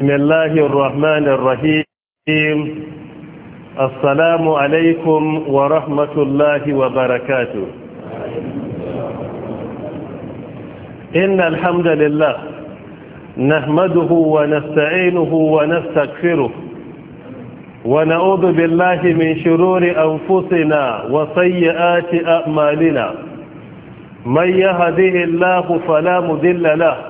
بسم الله الرحمن الرحيم السلام عليكم ورحمة الله وبركاته إن الحمد لله نحمده ونستعينه ونستغفره ونعوذ بالله من شرور أنفسنا وسيئات أعمالنا من يهده الله فلا مذل له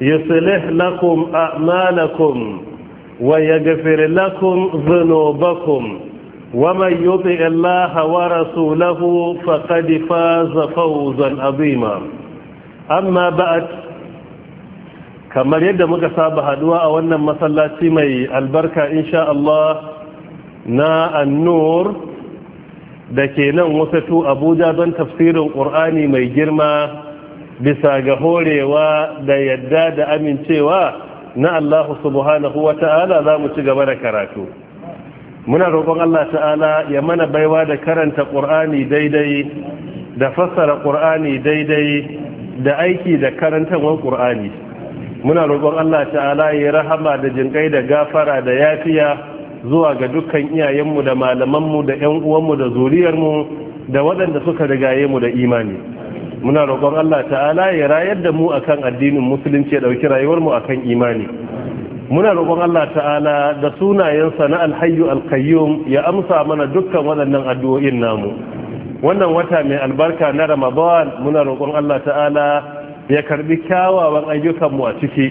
يصلح لكم أعمالكم ويغفر لكم ذنوبكم ومن يطع الله ورسوله فقد فاز فوزا عظيما أما بعد kamar yadda muka saba haɗuwa a wannan masallaci mai albarka insha Allah na annur da ke nan wasatu abuja don tafsirin ƙur'ani mai girma bisa ga horewa da yadda da amincewa na Allah subhanahu wa ta'ala za mu ci gaba da karatu muna roƙon Allah ta'ala ya mana baiwa da karanta ƙur'ani daidai da fassara ƙur'ani daidai da aiki da karantawan ƙur'ani muna roƙon Allah ta'ala ya rahama da jinƙai da gafara da yafiya zuwa ga dukkan iyayenmu da malamanmu da 'yan uwanmu da zuriyarmu da waɗanda suka rigaye mu da imani muna roƙon Allah ta'ala ya rayar da mu akan addinin musulunci ya ɗauki rayuwar mu akan imani muna roƙon Allah ta'ala da sunayensa na alhayyu alkayyum ya amsa mana dukkan waɗannan addu'o'in namu wannan wata mai albarka na ramadan muna roƙon Allah ta'ala ya karbi kyawawan ayyukan mu a ciki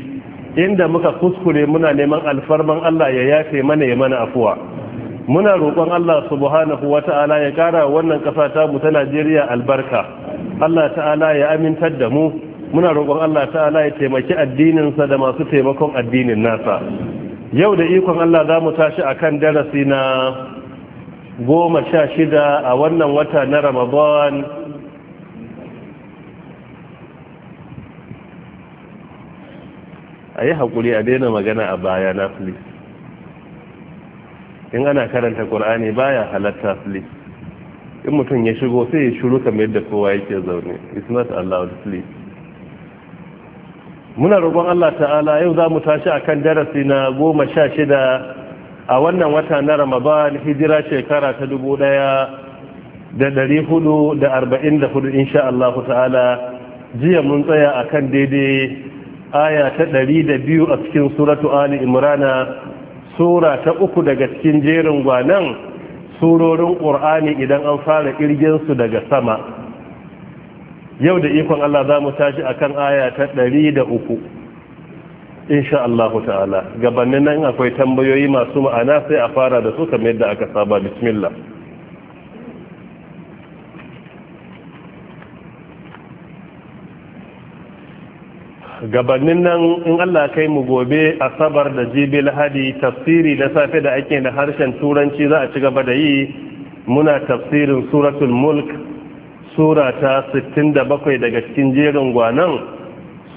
inda muka kuskure muna neman alfarman Allah ya yafe mana ya mana afuwa muna roƙon Allah subhanahu wa ta'ala ya ƙara wannan ƙasa ta mu ta Najeriya albarka Allah ta'ala ya amintar da mu muna roƙon Allah ta'ala ya taimaki addininsa da masu taimakon addinin nasa yau da ikon Allah za mu tashi akan darasi na goma sha shida a wannan wata na Ramadan a yi a daina magana a baya na please in ana karanta qur'ani baya halatta sleep in mutum ya shigo sai ya shuru kamar yadda kowa yake zaune it's not allowed sleep muna roƙon Allah ta'ala yau za mu tashi akan darasi na goma sha shida a wannan wata na ramadan hijira shekara ta dubu ɗaya da ɗari hudu da arba'in da hudu insha Allah ta'ala jiya mun tsaya akan daidai aya ta ɗari da biyu a cikin suratu ali imrana sura ta uku daga cikin jerin gwanan surorin ƙur'ani idan an fara su daga sama yau da ikon Allah za mu tashi a kan aya ta ɗari da uku insha Allah ta'ala gabanin nan akwai tambayoyi masu ma'ana sai a fara da su kamar yadda aka saba bismillah gabanin nan in Allah kai mu gobe asabar da jibi lahadi tafsiri da safe da ake da harshen turanci za a ci gaba da yi muna tafsirin suratul mulk sura ta 67 daga cikin jerin gwanan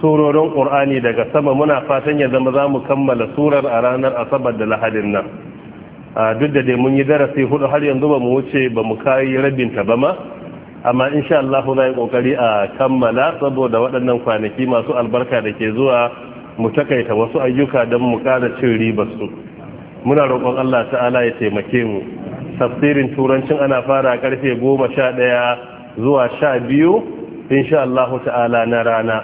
surorin qur'ani daga sama muna fatan ya zama za mu kammala surar a ranar asabar da lahadin nan duk da dai mun yi darasi hudu har yanzu ba mu wuce ba mu kayi ta ba ma amma insha Allah za yi kokari a kammala saboda waɗannan kwanaki masu albarka da ke zuwa mu takaita wasu ayyuka don mu ƙara cin riba su muna roƙon Allah ta'ala ya taimake mu tafsirin turancin ana fara karfe goma sha ɗaya zuwa sha biyu insha Allah ta'ala na rana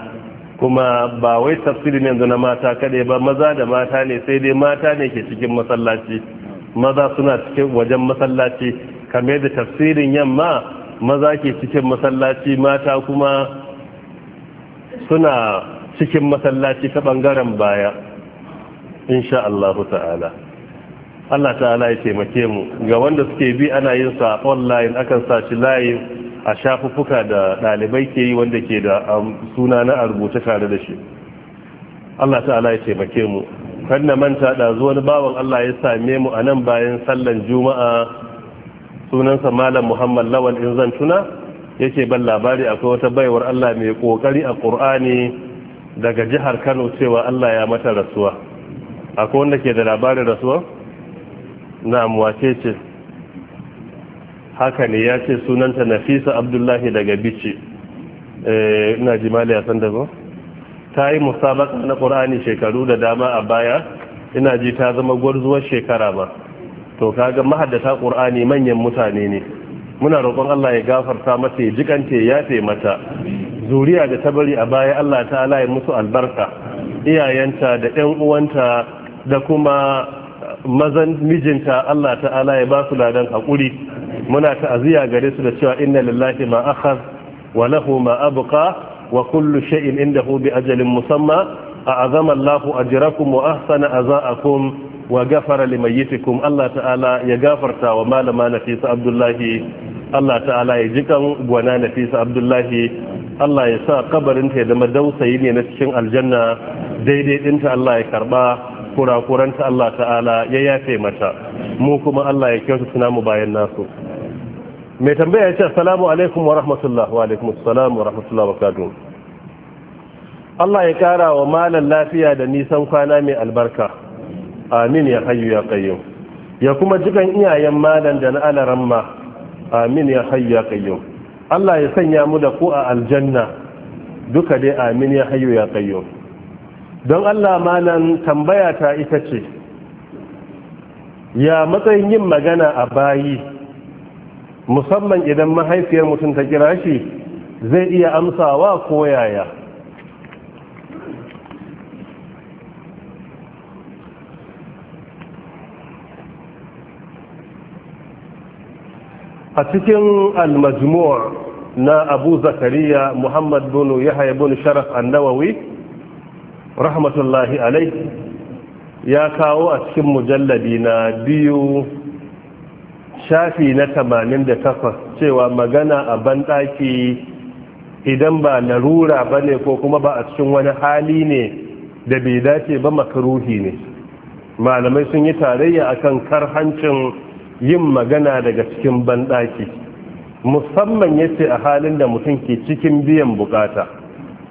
kuma ba wai tafsirin yanzu na mata kaɗai ba maza da mata ne sai dai mata ne ke cikin masallaci maza suna cikin wajen masallaci kamar da tafsirin yamma maza ke cikin masallaci mata kuma suna cikin masallaci ta bangaren baya insha Allah ta'ala Allah ta'ala ya taimake mu ga wanda suke bi ana yin sa online akan sa shi live a shafuffuka da ɗalibai ke yi wanda ke da um, suna na rubuta tare da shi Allah ta'ala ya taimake mu kan na manta da zuwa wani bawan Allah ya same mu a nan bayan sallan juma'a sunansa malam muhammad lawal in zan tuna yake ban labari akwai wata baiwar allah mai kokari a ƙur'ani daga jihar kano cewa allah ya mata rasuwa akwai wanda ke da labarin rasuwa na wace ce haka ne ya ce sunanta nafisa abdullahi daga bici eh, ina jimali a san dago ta yi musabaka na ƙur'ani shekaru da dama a baya ina ji ta zama gwarzuwar shekara ba to kaga mahaddata qur'ani manyan mutane ne muna roƙon Allah ya gafarta mata ya jikante ya fe mata zuriya da ta bari a baya Allah ta'ala ya musu albarka iyayenta da ƴan uwanta da kuma mazan mijinta Allah ta'ala ya ba su ladan hakuri muna ta'aziya gare su da cewa inna lillahi ma akhadh wa lahu ma abqa wa kullu shay'in indahu bi ajalin musamma azama Allah ajrakum wa ahsana azaakum wa gafara limayyitikum Allah ta'ala ya gafarta wa malama Nafisa Abdullahi Allah ta'ala ya jikan kan gwana Nafisa Abdullahi Allah ya sa kabarin ta ya zama dausayi ne na cikin aljanna daidai dinta Allah ya karba kurakuranta Allah ta'ala ya yafe mata mu kuma Allah ya suna mu bayan nasu mai tambaya ya ce assalamu alaikum wa rahmatullah wa alaikum assalam wa rahmatullah wa barakatuh Allah ya kara wa malam lafiya da nisan kwana mai albarka amin ya hayu ya kayo ya kuma jikan iyayen malam da na ma amin ya hayu ya kayo Allah ya sanya mu da ku a aljanna duka dai amin ya hayu ya kayo. don Allah malam tambaya ta ita ce ya matsayin yin magana a bayi musamman idan mahaifiyar mutum ta kira shi zai iya amsawa ko yaya a cikin al na Abu Zakariya Muhammad bin Yahya bin Sharaf annawawi rahmatullahi alai, ya kawo a cikin mujalladi na biyu shafi na 88 cewa magana a banɗaki idan ba larura bane ko kuma ba a cikin wani hali ne da bai dace ba makaruhi ne malamai sun yi tarayya akan karhancin yin magana daga cikin banɗaki musamman ya ce a halin da mutum ke cikin biyan bukata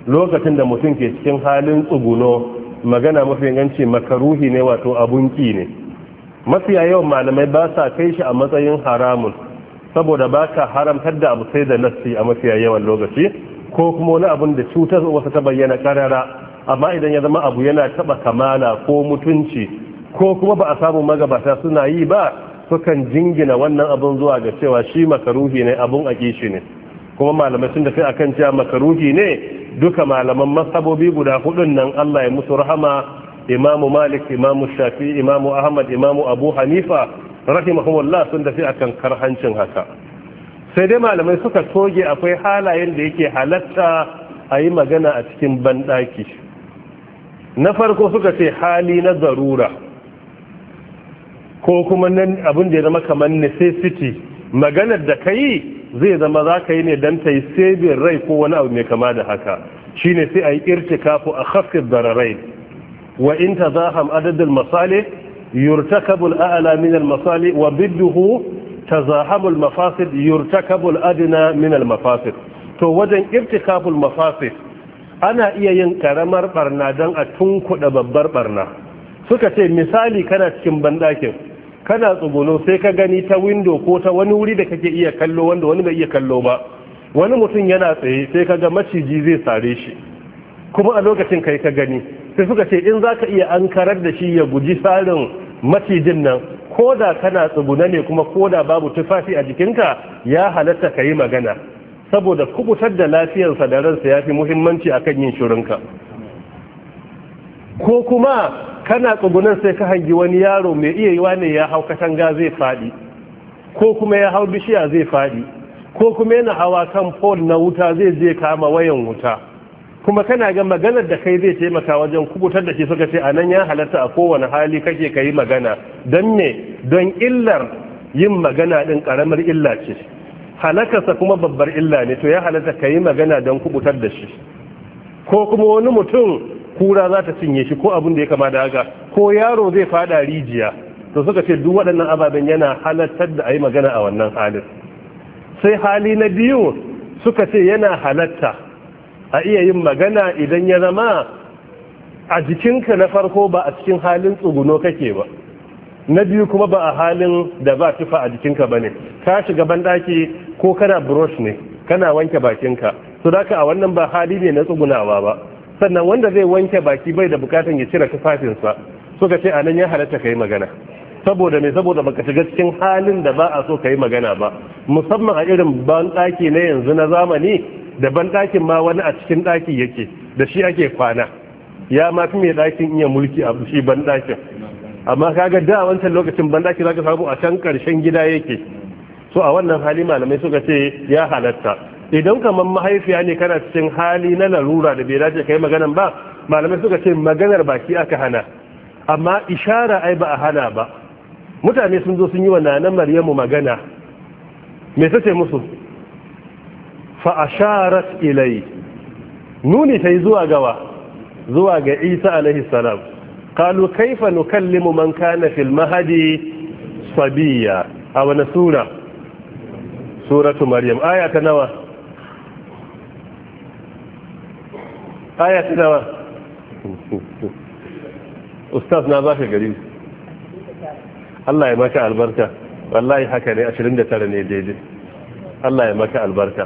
lokacin da mutum ke cikin halin tsuguno magana mafi yanci makaruhi ne wato abunki ne mafiya yawan malamai ba sa kai shi a matsayin haramun saboda ba ka haramtar da abu sai da nassi a mafiya yawan lokaci ko kuma wani abun da cutar wasu ta bayyana karara amma idan ya zama abu yana taba kamala ko mutunci ko kuma ba a samu magabata suna yi ba sukan jingina wannan abun zuwa ga cewa shi makaruhi ne abun shi ne kuma malamai sun tafi akan cewa makaruhi ne duka malaman masabobi guda hudun nan Allah ya musu rahama imamu malik imamu shafi imamu ahmad imamu abu hanifa rahimahumullah sun tafi akan karhancin haka sai dai malamai suka toge akwai halayen da yake halatta a yi magana a cikin banɗaki na farko suka ce hali na zarura ko kuma nan abin da ya zama kamar necessity maganar da ka yi zai zama za ka yi ne don ta yi sabin rai ko wani abu mai kama da haka shine sai a yi irtikafu a haskar dararai wa in ta zaham adadin masali yurtakabul a'ala min al-masali wa bidduhu tazahamul mafasid yurtakabul adna min al-mafasid to wajen irtikaful mafasid ana iya yin karamar barna don a tunkuɗa babbar barna suka ce misali kana cikin banɗakin kana tsuguno sai ka gani ta windo ko ta wani wuri da kake iya kallo wanda wani bai iya kallo ba wani mutum yana tsaye sai ka ga maciji zai sare shi kuma a lokacin kai ka gani sai suka ce in za ka iya an karar da shi ya guji sarin macijin nan ko da kana tsuguna ne kuma ko da babu tufafi a jikinka ya halatta ka yi magana saboda kubutar da lafiyarsa da ransa ya fi muhimmanci akan yin shirinka ko kuma kana tsugunan sai ka hangi wani yaro mai iya yiwa ne ya hau katanga zai faɗi ko kuma ya hau bishiya zai faɗi ko kuma yana hawa kan pole na wuta zai je kama wayan wuta kuma kana ga maganar da kai zai taimaka wajen kubutar da shi suka ce a nan ya halatta a kowane hali kake ka yi magana don me don illar yin magana ɗin ƙaramar illa ce halakarsa kuma babbar illa ne to ya halatta ka yi magana don kubutar da shi ko kuma wani mutum kura za ta cinye shi ko abin da ya kama da haka ko yaro zai fada rijiya to suka ce duk waɗannan ababen yana halattar da a yi magana a wannan halin sai hali na biyu suka ce yana halatta a iya yin magana idan ya zama a jikinka na farko ba a cikin halin tsuguno kake ba na biyu kuma ba a halin da ba tufa a jikinka ba ne ka shiga banɗaki ko kana brush ne kana wanke bakinka su daka a wannan ba hali ne na tsugunawa ba sannan wanda zai wanke baki bai da bukatan ya cire tufafinsa suka ce nan ya halatta ka yi magana saboda mai saboda baka shiga cikin halin da ba a so ka yi magana ba musamman a irin banɗaki na yanzu na zamani da banɗakin ma wani a cikin daki yake da shi ake kwana ya ma fi mai ɗakin iya mulki a shi banɗakin amma kaga da wancan lokacin banɗaki za ka samu a can ƙarshen gida yake so a wannan hali malamai suka ce ya halatta idan kamar mahaifiya ne kana cikin hali na larura da bai dace kai maganan ba malamai suka ce maganar baki aka hana amma ishara ai ba a hana ba mutane sun zo sun yi wa nanan maryamu magana me ta ce musu fa asharat ilai nuni ta yi zuwa gawa zuwa ga isa alaihi salam kalu kaifa nukallimu man kana fil mahadi sabiya a wani sura suratu maryam aya ta nawa aya ta dawa ustaz na baka gari Allah ya maka albarka wallahi haka ne 29 ne daidai Allah ya maka albarka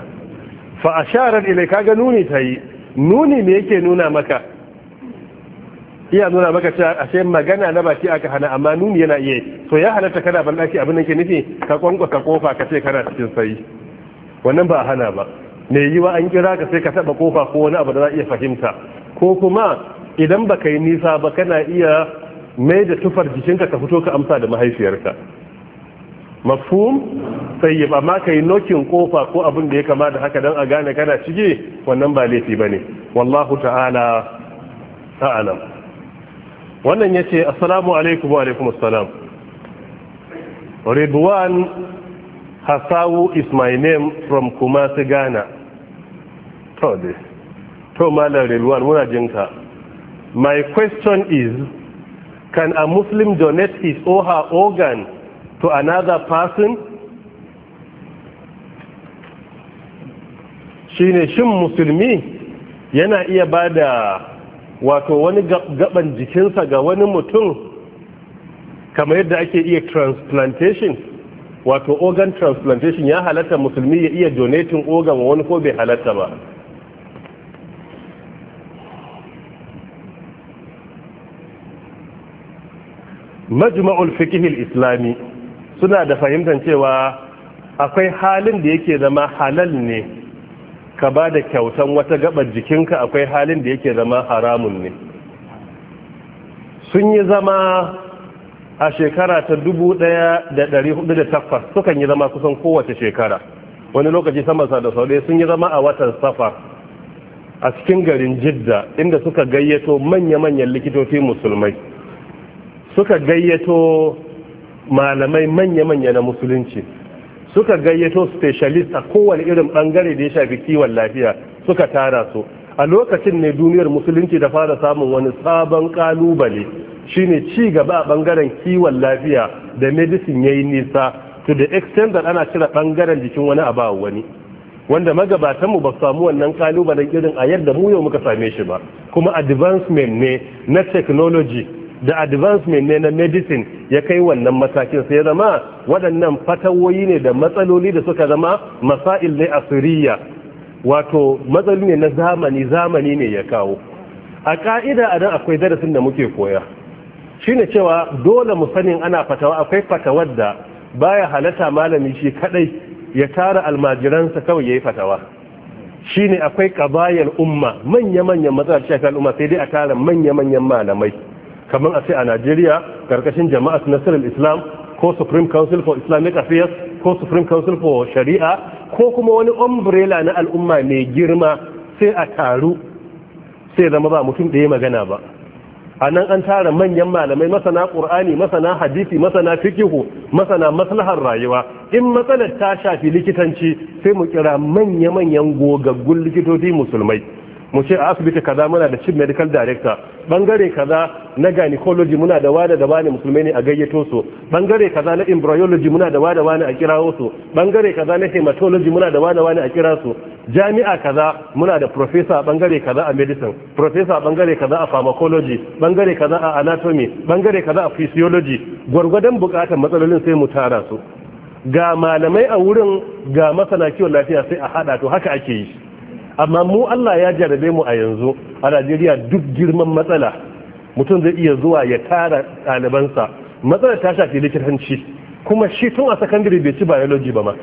fa asharar ilai kaga nuni ta yi nuni me yake nuna maka iya nuna maka cewa ashe magana na baki aka hana amma nuni yana iya to ya halatta kana ban daki abin da ke nufi ka kwankwa ka kofa ka ce kana cikin sayi wannan ba hana ba mai yiwa an kira ka sai ka taba kofa ko wani abu da za iya fahimta ko kuma idan baka yi nisa ba kana iya mai da tufar jikinka ka fito ka amsa da mahaifiyarka mafhum tayyib amma kai nokin kofa ko abin da ya kama da haka dan a gane kana ciki, wannan ba laifi bane wallahu ta'ala ta'alam wannan yace assalamu alaikum wa alaikum assalam Ridwan Hasawu is my name from Kumasi Ghana to this to malam rilwan muna jinka my question is can a muslim donate his or her organ to another person shine shin musulmi yana iya ba da wato wani gaban jikinsa ga wani mutum kamar yadda ake iya transplantation wato organ transplantation ya halatta musulmi ya iya donating organ wani ko bai halatta ba majma'ul fiqhil islami suna da fahimtar cewa akwai halin da yake zama halal ne ka ba da kyautan wata gabar jikinka akwai halin da yake zama haramun ne sun yi zama a shekara ta da 1408 sukan yi zama kusan kowace shekara wani lokaci samansa da saurai sun yi zama a watan safar a cikin garin jidda inda suka gayyato manya-manyan likitoci musulmai suka gayyato malamai manya-manya na musulunci suka gayyato specialist a kowane irin bangare da ya shafi kiwon lafiya suka tara su a lokacin ne duniyar musulunci da fara samun wani sabon kalubale shine ci gaba a bangaren kiwon lafiya da medicine ya yi nisa to the extent that ana cire bangaren jikin wani a ba wani wanda magabatanmu ba samu wannan kalubalen irin a yadda mu yau muka same shi ba kuma advancement ne na technology da advancement ne na medicine ya kai wannan matakin sai zama waɗannan fatawoyi ne da matsaloli da suka zama masail ne a siriya wato matsaloli ne na zamani zamani ne ya kawo a ka'ida a nan akwai darasin da muke koya shine cewa dole mu sanin ana fatawa akwai fatawar da baya halatta malami shi kadai ya tara almajiransa kawai ya yi fatawa shine akwai ƙabayar umma manya manyan matsalar shafi al'umma sai dai a tara manya manyan malamai kamar a ce a Najeriya karkashin jama'at al Islam ko Supreme Council for Islamic Affairs ko Supreme Council for Sharia ko kuma wani umbrella na al'umma mai girma sai a taru sai zama ba mutum ɗaya magana ba a nan an tara manyan malamai masana ƙur'ani masana hadisi masana fikihu masana maslahar rayuwa in matsalar ta shafi likitanci sai mu kira manya-manyan gogaggun likitoci musulmai mu ce a asibiti kaza muna da chief medical director bangare kaza na gynecology muna da wada da wani musulmai ne a gayyato su bangare kaza na embryology muna da wada wani a kirawo su bangare kaza na hematology muna da wada wani a kira su jami'a kaza muna da professor bangare kaza a medicine professor bangare kaza a pharmacology bangare kaza a anatomy bangare kaza a physiology gwargwadon bukatar matsalolin sai mu tara su ga malamai a wurin ga masana kiwon lafiya sai a hada to haka ake yi amma mu Allah ya jarabe mu a yanzu a Najeriya duk girman matsala mutum zai iya zuwa ya tara ɗalibansa matsalar ta shafi likitanci kuma shi tun a sakandare bai ci biology ba ma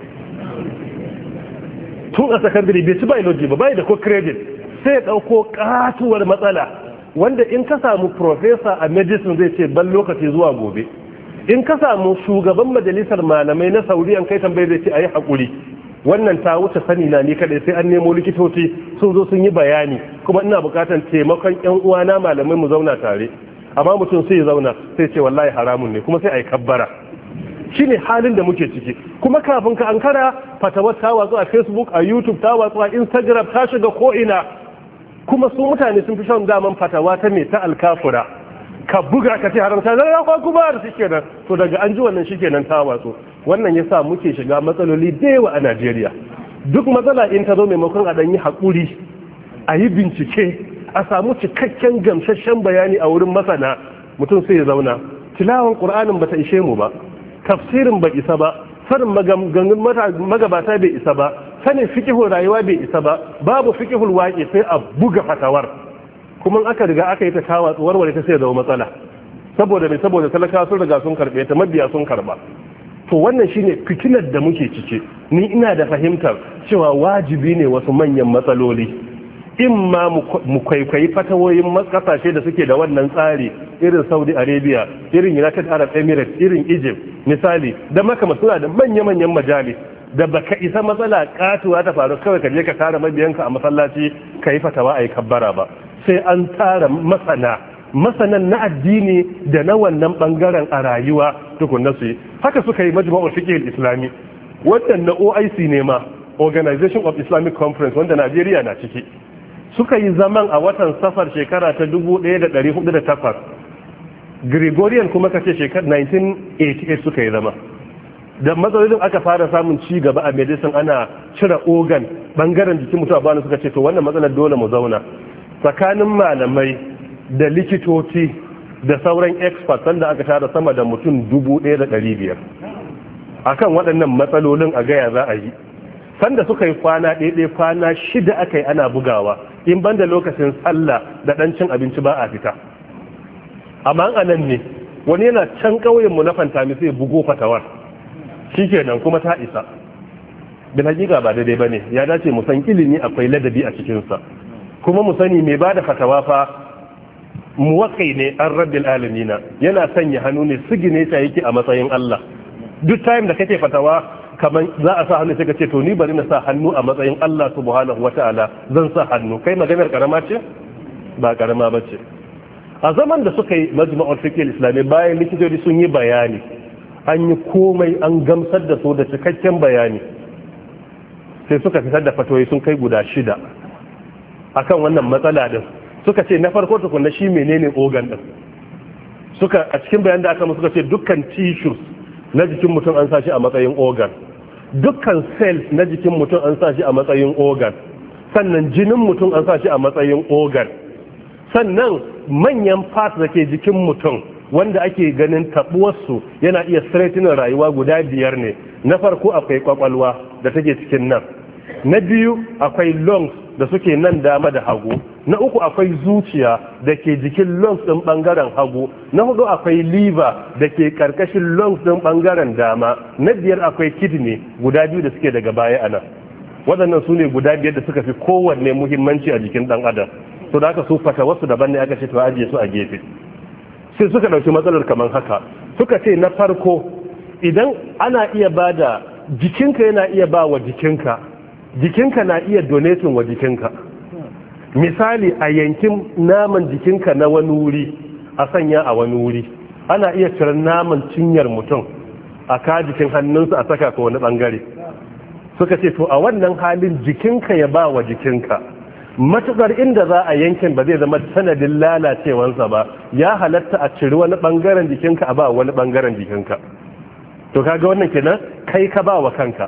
tun a sakandare bai ci biology ba bai da ko credit sai ya ɗauko katuwar matsala wanda in ka samu professor a medicine zai ce ban lokaci zuwa gobe in ka samu shugaban majalisar malamai na sauri an kai tambayi zai ce a yi haƙuri wannan ta wuce sani na ni kadai sai an nemo likitoci sun zo sun yi bayani kuma ina bukatan taimakon yan uwana malamai mu zauna tare amma mutum sai ya zauna sai ce wallahi haramun ne kuma sai ai kabbara shine halin da muke ciki kuma kafin ka ankara fatawa ta watsu a facebook a youtube ta watsu a instagram ta shiga ko ina kuma su mutane sun fi shan daman fatawa ta mai ta alkafura ka buga ka ce haramta zan rafa kuma da shi kenan to daga an ji wannan shi kenan ta watsu wannan ya sa muke shiga matsaloli da a najeriya duk matsala in ta zo maimakon a ɗanyi haƙuri a yi bincike a samu cikakken gamsasshen bayani a wurin masana mutum sai ya zauna tilawan ƙur'anin ba ta ishe mu ba tafsirin ba isa ba sanin magabata bai isa ba sanin fikihun rayuwa bai isa ba babu fikihun waƙe sai a buga fatawar kuma aka riga aka yi ta kawo tsuwar ta sai zama matsala saboda mai saboda talaka sun riga sun karɓe ta mabiya sun karɓa to wannan shine fitinar da muke ciki ni ina da fahimtar cewa wajibi ne wasu manyan matsaloli in ma mu kwaikwayi fatawoyin kasashe da suke da wannan tsari irin saudi arabia irin united arab emirates irin egypt misali da makama suna da manya-manyan majali da baka isa matsala katuwa ta faru kawai ka je ka tara mabiyanka a masallaci ka yi fatawa a yi kabbara ba sai an tara masana masanan na addini da na wannan bangaren a rayuwa tukunna su yi haka suka yi majma'ul fiqh islami wannan na OIC ne ma Organization of Islamic Conference wanda Najeriya na ciki suka yi zaman a watan safar shekara ta 1408 Gregorian kuma kace shekar 1988 suka yi zama da matsalolin aka fara samun ci gaba a medicine ana cire organ bangaren jikin mutum bani suka ce to wannan matsalar dole mu zauna tsakanin malamai da likitoci da sauran experts sanda aka tara sama da mutum dubu ɗaya da ɗari biyar akan waɗannan matsalolin a gaya za a yi sanda suka yi kwana ɗaiɗe kwana shida aka yi ana bugawa in banda lokacin tsalla da ɗan cin abinci ba a fita amma a nan ne wani yana can ƙauyenmu na fantami sai bugo fatawar shi kenan kuma ta isa bin hakika ba daidai ba ne ya dace musan ilimi akwai ladabi a cikinsa kuma mu sani mai ba da fatawa fa muwaƙi ne an rabbil alamina yana sanya hannu ne sigine ta yake a matsayin Allah duk time da kake fatawa kaman za a sa hannu sai ka ce to ni bari na sa hannu a matsayin Allah subhanahu wata'ala zan sa hannu kai maganar karama ce ba karama ba ce a zaman da suka yi majma'ul fiqh islami bayan likitoci sun yi bayani an yi komai an gamsar da su da cikakken bayani sai suka fitar da fatoyi sun kai guda shida akan wannan matsala din suka ce na farko tukunna shi menene organ din suka a cikin bayan da aka musu suka ce dukkan tissues na jikin mutum an sashi a matsayin organ dukkan cells na jikin mutum an sashi a matsayin organ sannan jinin mutum an sashi a matsayin organ sannan manyan parts da ke jikin mutum wanda ake ganin tabuwarsu yana iya straightening rayuwa guda biyar ne na farko akwai kwakwalwa da take cikin nan na biyu akwai lungs da suke nan dama da hagu na uku akwai zuciya da ke jikin lungs ɗin ɓangaren hagu na hudu akwai liver da ke ƙarƙashin lungs ɗin ɓangaren dama na biyar akwai kidney guda biyu da suke daga baya ana waɗannan su ne guda biyar da suka fi kowanne muhimmanci a jikin ɗan adam to da aka su fata wasu daban ne aka ce to ajiye su a gefe sai suka ɗauki matsalar kamar haka suka ce na farko idan ana iya ba da jikinka yana iya ba wa jikinka jikinka na iya donetin wa jikinka misali a yankin naman jikinka na wani wuri a sanya a wani wuri ana iya cire naman cinyar mutum a ka jikin hannunsa a saka ka wani bangare suka ce to a wannan halin jikinka ya ba wa jikinka matukar inda za a yankin ba zai zama sanadin lalacewansa ba ya halatta a ciri wani bangaren jikinka a ba wani bangaren jikinka to kaga wannan kenan kai ka ba wa kanka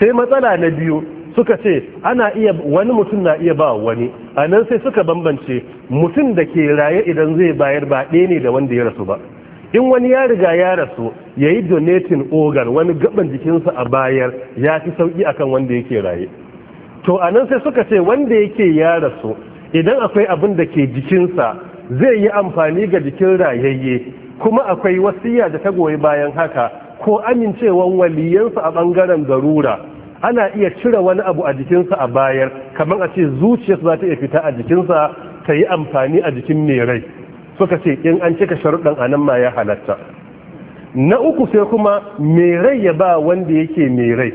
sai matsala na biyu suka ce ana iya wani mutum na iya ba wani a nan sai suka bambance mutum da ke raye idan zai bayar ba ɗaya ne da wanda ya rasu ba in wani ya riga ya rasu ya yi donating organ wani gaban jikinsa a bayar ya fi sauki akan wanda yake raye to a nan sai suka ce wanda yake ya rasu idan akwai abin da ke jikinsa zai yi amfani ga jikin rayayye kuma akwai wasiya da ta goyi bayan haka ko amincewan waliyansa a ɓangaren garura ana iya cire wani abu a jikinsa a bayar kamar a ce zuciyarsa za ta iya fita a jikinsa ta yi amfani a jikin mai rai suka ce in an cika sharuɗan a nan ma ya halatta na uku sai kuma mai rai ya ba wanda yake mai rai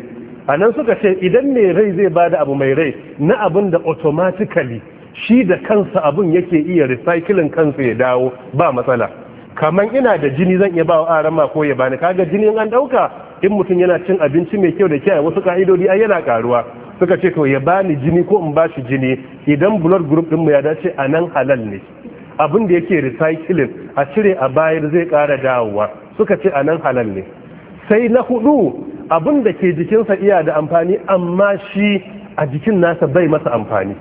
a nan suka ce idan mai rai zai ba da abu mai rai na abin da automatically shi da kansa abin yake iya recycling kansa ya dawo ba matsala kamar ina da jini zan iya ba wa arama ko ya bani kaga jini an ɗauka. in mutum yana cin abinci mai kyau da kiyaye wasu ka'idodi ai yana karuwa suka ce to ya bani jini ko in bashi jini idan blood group din mu ya dace anan nan halal ne abin da yake recycling a cire a bayar zai kara dawowa suka ce anan nan halal ne sai na hudu abin da ke jikinsa iya da amfani amma shi a jikin nasa bai masa amfani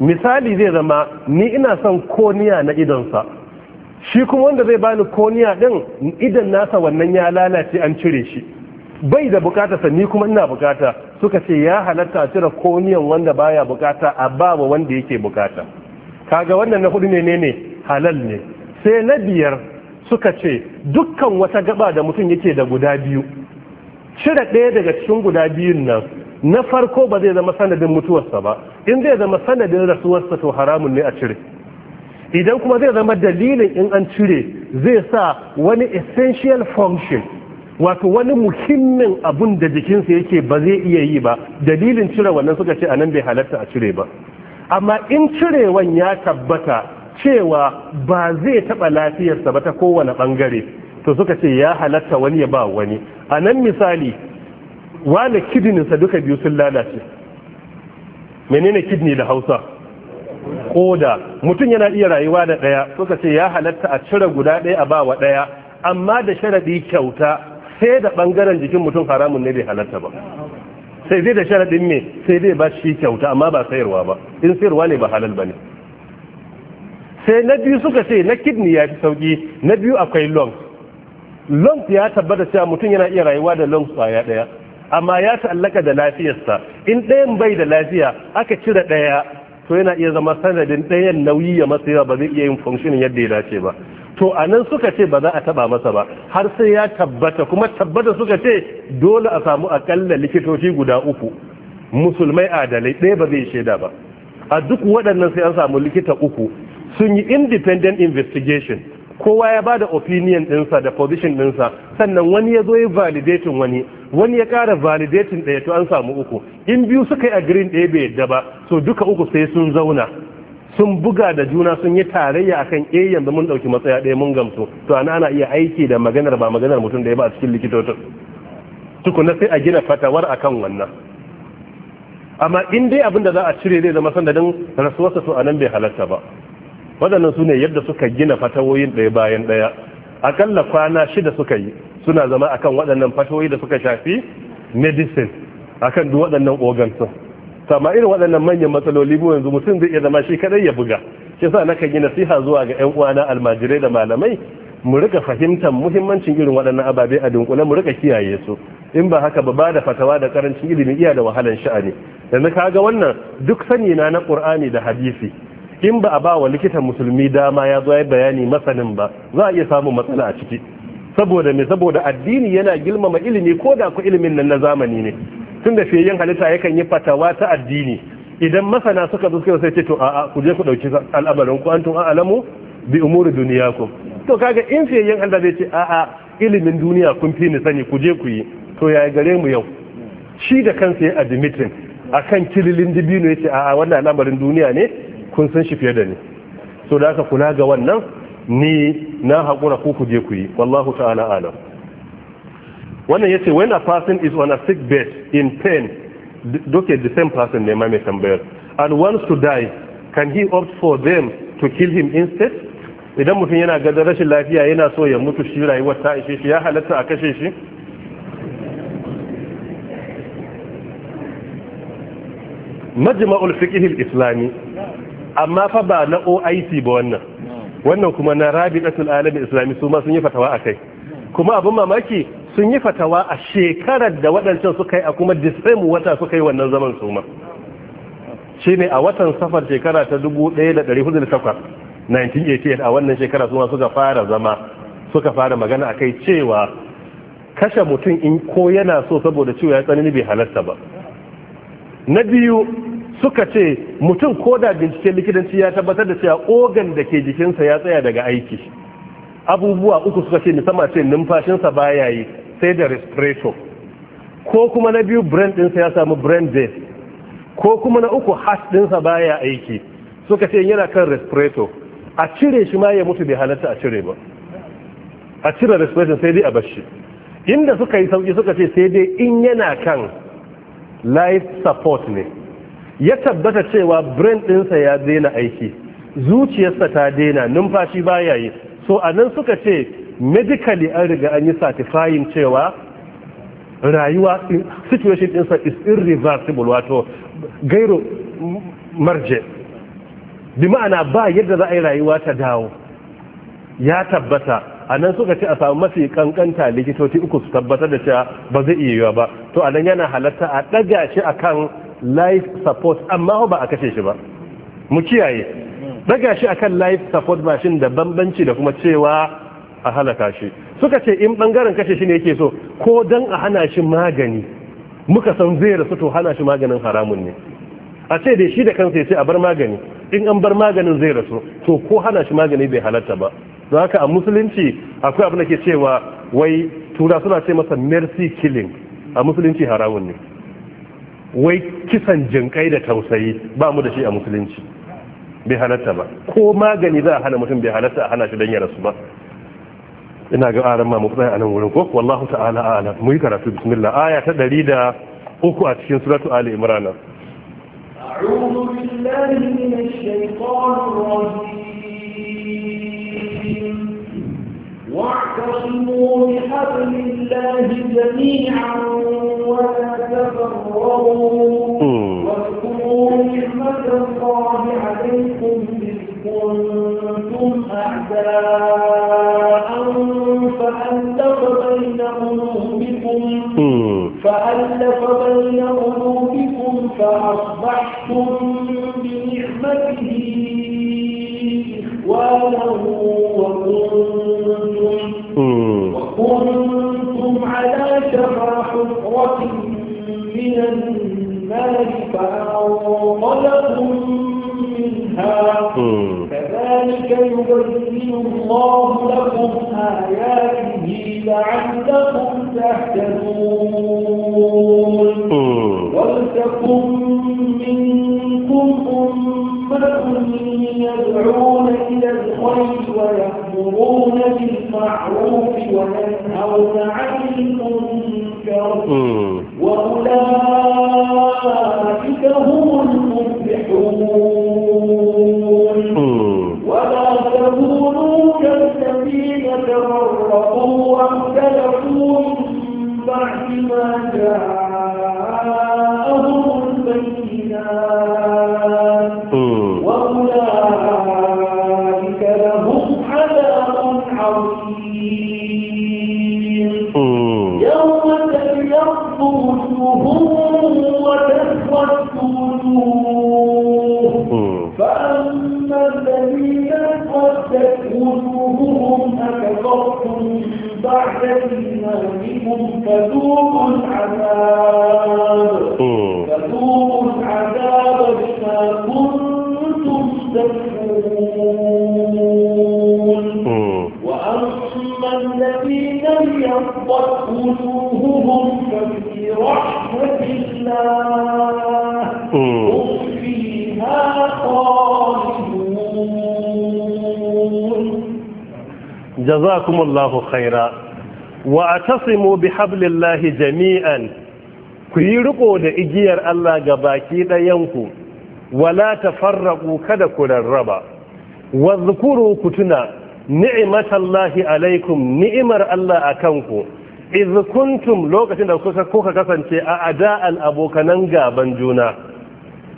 misali zai zama ni ina son koniya na idonsa shi kuma wanda zai bani koniya din idan nasa wannan ya lalace an cire shi bai da bukata sanni kuma ina bukata suka ce ya halatta a cire koniyan wanda baya bukata a babu wanda yake bukata kaga wannan na hudu ne ne halal ne sai na biyar suka ce dukkan wata gaba da mutum yake da guda biyu cire ɗaya daga cikin guda biyun nan na farko ba zai zama sanadin mutuwarsa ba in zai zama sanadin rasuwarsa to haramun ne a cire idan kuma zai zama dalilin in an cire zai sa wani essential function wato wani muhimmin abun da jikinsa yake ba zai iya yi ba dalilin cire wannan suka ce anan bai halatta a cire ba amma in cirewan ya tabbata cewa ba zai taɓa lafiyarsa ba ta kowane ɓangare to suka ce ya halatta wani ya ba wani a nan misali wane kidininsa duka biyu sun lalace menene kidni da hausa koda mutum yana iya rayuwa da ɗaya suka ce ya halatta a cire guda ɗaya a ba wa ɗaya amma da sharaɗi kyauta sai da bangaren jikin mutum haramun ne bai halarta ba sai zai da sharaɗin me sai zai ba shi kyauta amma ba sayarwa ba in sayarwa ne ba halal ba ne. sai na biyu suka ce na kidney ya fi sauki na biyu akwai lungs lungs ya tabbata cewa mutum yana iya rayuwa da lungs kwaya ɗaya, amma ya ta'allaka da lafiyarsa in ɗayan bai da lafiya aka cire ɗaya to yana iya zama sanadin ɗayan nauyi ya matsayi ba zai iya yin functioning yadda ya dace ba to a nan suka ce ba za a taba masa ba har sai ya tabbata kuma tabbata suka ce dole a samu akalla likitoci guda uku musulmai adalai ɗaya ba zai shaida ba a duk waɗannan sai an samu likita uku sun yi independent investigation kowa ya ba da opinion ɗinsa da position ɗinsa sannan wani ya zo ya validatin wani wani ya ƙara validatin ɗaya to an samu uku in biyu suka yi a green ɗaya bai yadda ba so duka uku sai sun zauna sun buga da juna sun yi tarayya akan eh yanzu mun dauki matsaya ɗaya mun gamsu to ana ana iya aiki da maganar ba maganar mutum da ya ba a cikin likitocin tukuna sai a gina fatawar akan wannan amma in dai abin da za a cire zai zama sanadin rasuwarsa to anan bai halatta ba waɗannan su ne yadda suka gina fatawoyin ɗaya bayan ɗaya akalla kwana shida suka yi suna zama akan waɗannan fatawoyi da suka shafi medicine akan duk waɗannan ogansu. sama irin waɗannan manyan matsaloli bu yanzu mutum zai iya zama shi kadai ya buga shi yasa na kan yi nasiha zuwa ga ƴan uwana almajirai da malamai mu rika fahimtar muhimmancin irin waɗannan ababe a dunkule mu rika kiyaye su in ba haka ba bada fatawa da karancin ilimi iya da wahalan sha'ani yanzu kaga wannan duk sani na na qur'ani da hadisi in ba a ba wa likitan musulmi dama ya zo ya bayani masanin ba za a iya samun matsala a ciki saboda me saboda addini yana girmama ilimi ko da ku ilimin nan na zamani ne tun da fiye yin halitta yakan yi fatawa ta addini idan masana suka zo sai ce to a'a ku je ku dauki al'amarin ku antum a'lamu bi umuri ku. to kaga in fiye yin Allah zai ce a'a ilimin duniya kun fi ni sani kuje je ku yi to ya gare mu yau shi da kansa ya admitin akan kililin dibino yace a'a wannan al'amarin duniya ne kun san shi fiye da ni so da aka kula ga wannan ni na haƙura ku ku je ku yi wallahu ta'ala alam wannan yace when a person is on a sick bed in pain duke the same person ne mai tambayar and wants to die can he opt for them to kill him instead idan mutum yana ga rashin lafiya yana so ya mutu shi rayuwar ta ishe shi ya halatta a kashe shi majma'ul fiqh al-islami amma fa ba na OIC ba wannan wannan kuma na Rabi'atul alami Islami su ma sun yi fatawa akai kuma abin mamaki sun yi fatawa a shekarar da waɗancan suka yi a kuma disaimu wata suka yi wannan zaman suma shi ne a watan safar shekara ta 1408 1988 a wannan shekara suma suka fara zama suka fara magana a kai cewa kashe mutum in ko yana so saboda cewa ya tsanani bai halarta ba na biyu suka ce mutum ko da binciken likitanci ya tabbatar da cewa ogan da ke jikinsa ya tsaya daga aiki abubuwa uku suka ce musamman ce numfashinsa baya yi sai da respirator ko kuma na biyu brand ɗinsa ya samu brand death ko kuma na uku hash ɗinsa baya aiki suka ce yana kan respirator a cire shi ma ya mutu bai halatta a cire ba a cire respirator sai dai a bar shi inda suka yi sauki suka ce sai dai in yana kan life support ne ya tabbata cewa brand ɗinsa ya daina aiki zuciyarsa ta daina numfashi baya yi so a nan suka ce medically an riga an yi satisfying cewa rayuwa situation ɗinsa is irreversible wato gairo marje bi ma'ana ba yadda za a yi rayuwa ta dawo ya tabbata a nan suka ce a samu mafi kankanta likitoci uku su tabbatar da cewa ba zai iya yiwa ba to a nan yana halatta a ɗaga shi akan life support amma ba a kashe shi ba mu kiyaye ɗaga shi akan life support mashin da bambanci da kuma cewa a halaka shi suka ce in bangaren kashe shi ne yake so ko dan a hana shi magani muka san zai rasu to hana shi maganin haramun ne a ce da shi da kansa ya ce a bar magani in an bar maganin zai rasu to ko hana shi magani bai halatta ba don haka a musulunci akwai abin da ke cewa wai tura suna ce masa mercy killing a musulunci haramun ne wai kisan jinkai da tausayi ba mu da shi a musulunci bai halatta ba ko magani za a hana mutum bai halatta a hana shi don ya rasu ba ina ga aran ma mu tsaya a wurin ko wallahi ta'ala ala mu yi karatu bismillah aya ta 103 a cikin suratul ali imran a'udhu billahi minash الشيطان الرجيم واعتصموا بحبل الله جميعا ولا تفرقوا Hmm. هم فيها خالدون جزاكم الله خيرا واعتصموا بحبل الله جميعا ku yi riko da igiyar Allah ga baki ɗayanku wala tafarraqu kada ku rarraba wadhkuru kutuna ni'matallahi alaikum ni'imar Allah akanku iz lokacin da kuka kasance a ada'an abokanan gaban juna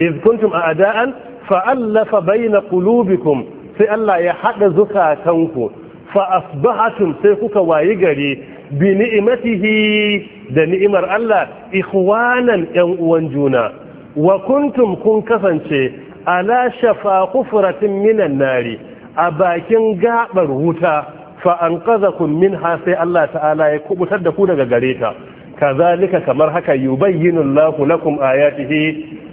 iz a ada'an fa'allafa baina qulubikum sai Allah ya haɗa zukatanku fa asbahatum sai kuka wayi gari bi ni'matihi da ni'imar Allah ikhwanan yan uwan juna wa kuntum kun kasance ala shafa kufratin minan nari a bakin gabar wuta fa min ha sai Allah ta'ala ya kubutar da ku daga gare ta kazalika kamar haka yubayyinu Allahu lakum ayatihi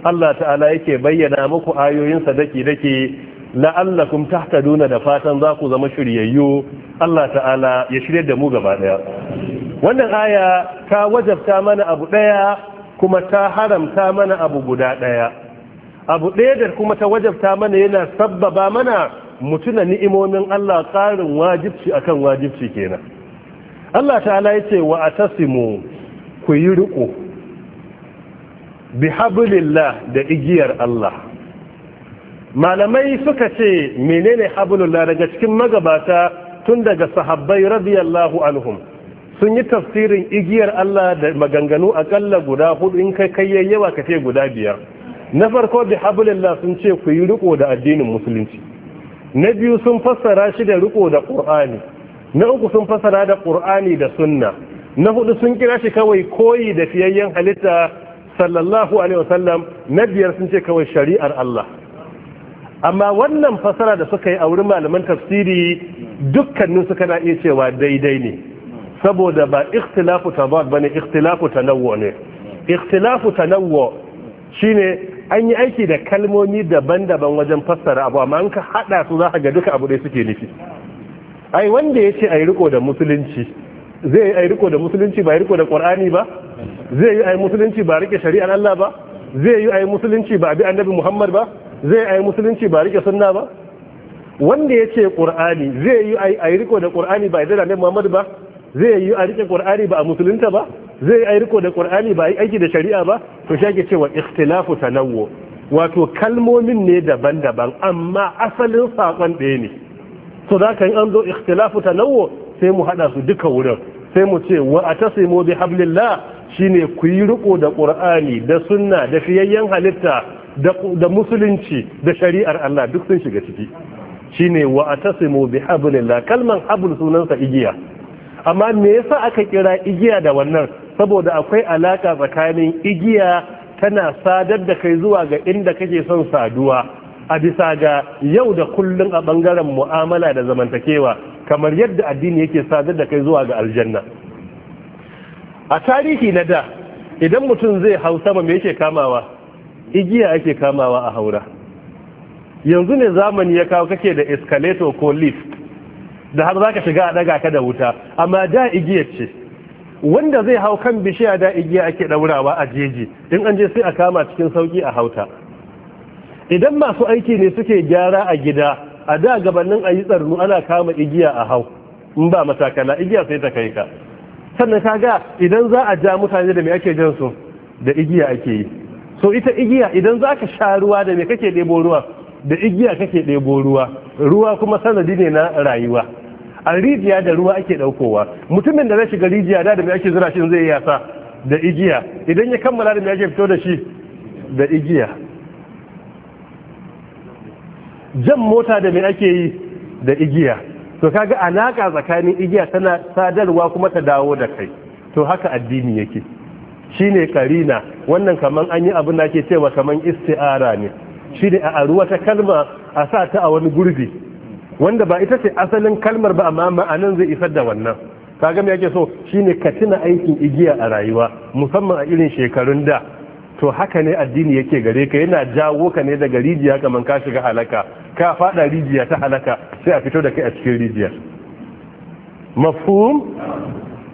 Allah ta'ala yake bayyana muku ayoyinsa dake dake la'allakum tahtaduna da fatan za ku zama shiryayyu Allah ta'ala ya shiryar da mu gaba ɗaya. wannan aya ta wajabta mana abu daya kuma ta haramta mana abu guda ɗaya. abu ɗaya da kuma ta wajabta mana yana sabbaba mana mutuna ni'imomin Allah ƙarin wajibci akan wajibci kenan Allah ta'ala yace wa atasimu ku yi riko bi hablillah da igiyar Allah malamai suka ce menene hablullah daga cikin magabata tun daga sahabbai radiyallahu anhum sun yi tafsirin igiyar Allah da maganganu akalla guda hudu in kai kai yawa ka ce guda biyar na farko bi hablillah sun ce ku yi riko da addinin musulunci na biyu sun fassara shi da riko da ƙur'ani na uku sun fassara da ƙur'ani da sunna na hudu sun kira shi kawai koyi da fiyayyen halitta sallallahu alaihi wasallam na biyar sun ce kawai shari'ar Allah amma wannan fasara da suka yi a wurin malaman tafsiri dukkanin su kana iya cewa daidai ne saboda ba ikhtilafu tabad bane ikhtilafu tanawwu ne ikhtilafu tanawwu shine an yi aiki da kalmomi daban-daban wajen fassara abu amma an ka hada su za ka ga duka abu ɗaya suke nufi ai wanda ya ce a yi riko da musulunci zai yi a yi riko da musulunci ba yi riko da ƙwar'ani ba zai yi a yi musulunci ba rike shari'ar Allah ba zai yi a yi musulunci ba bi annabi Muhammad ba zai yi a yi musulunci ba rike sunna ba wanda ya ce ƙwar'ani zai yi a yi riko da ƙwar'ani ba yi da annabi Muhammad ba zai yi a rike ƙwar'ani ba a musulunta ba zai yi riko da qur'ani ba aiki da shari'a ba to shi cewa ikhtilafu tanawwu wato kalmomin ne daban-daban amma asalin sakon ɗaya ne to da kan an zo ikhtilafu tanawwu sai mu hada su duka wurin sai mu ce wa atasimu bi hablillah shine ku yi riko da qur'ani da sunna da fiyayyen halitta da musulunci da shari'ar Allah duk sun shiga ciki shine wa atasimu bi hablillah kalman habl sunansa igiya amma me yasa aka kira igiya da wannan saboda akwai alaka tsakanin igiya tana sadar da kai zuwa ga inda kake son saduwa a bisa ga yau da kullum a bangaren mu'amala da zamantakewa kamar yadda addini yake sadar da kai zuwa ga aljanna a tarihi na da idan mutum zai hau sama me yake kamawa igiya yake kamawa a haura yanzu ne zamani ya kawo kake da escalator ko lift da har zaka shiga a daga ka da wuta amma da igiyar ce wanda zai hau kan bishiya da igiya ake daurawa a jeji in an je sai a kama cikin sauki a hauta idan masu aiki ne suke gyara a gida a da gabanin a yi tsarnu ana kama igiya a hau in ba matakala igiya sai ta kai ka sannan kaga idan za a ja mutane da me ake jan su da igiya ake yi so ita igiya idan za ka sha ruwa da me kake ɗebo ruwa da igiya kake ɗebo ruwa ruwa kuma sanadi ne na rayuwa a rijiya da ruwa ake daukowa mutumin da zai shiga rijiya da mai ake zura shi zai yi yasa da igiya idan ya kammala da mai ake fito da shi da igiya jan mota da mai ake yi da igiya to kaga alaka tsakanin igiya tana sadarwa kuma ta dawo da kai to haka addini yake shine karina wannan kaman an yi abin da ake cewa kaman isti'ara ne shi ne a ruwa ta kalma a sa ta a wani gurbi wanda ba ita ce asalin kalmar ba amma ma'anan zai isar da wannan kaga me yake so shine ka tuna aikin igiya a rayuwa musamman a irin shekarun da to haka ne addini yake gare ka yana jawo ka ne daga rijiya kaman ka shiga halaka ka fada rijiya ta halaka sai a fito da kai a cikin rijiya mafhum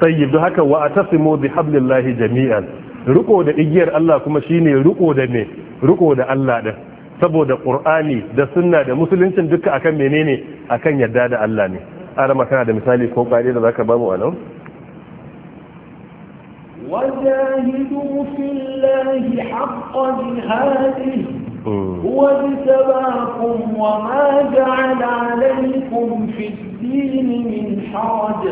tayyib don haka wa atasimu bi hablillahi jami'an riko da igiyar Allah kuma shine riko da me riko da Allah din saboda ƙur'ani da sunna da musuluncin duka akan menene akan yadda da Allah ne arama kana da misali ko kare da zaka ba mu a nan وجاهدوا في الله حق هو اجتباكم وما جعل عليكم في الدين من حرج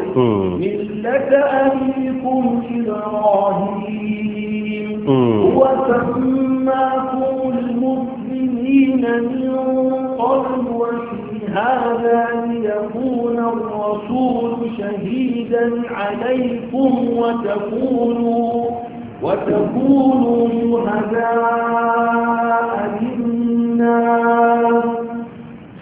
ملة أبيكم إبراهيم هو سماكم المسلمين من قبل وفي هذا ليكون الرسول شهيدا عليكم وتكونوا وتكونوا شهداء للناس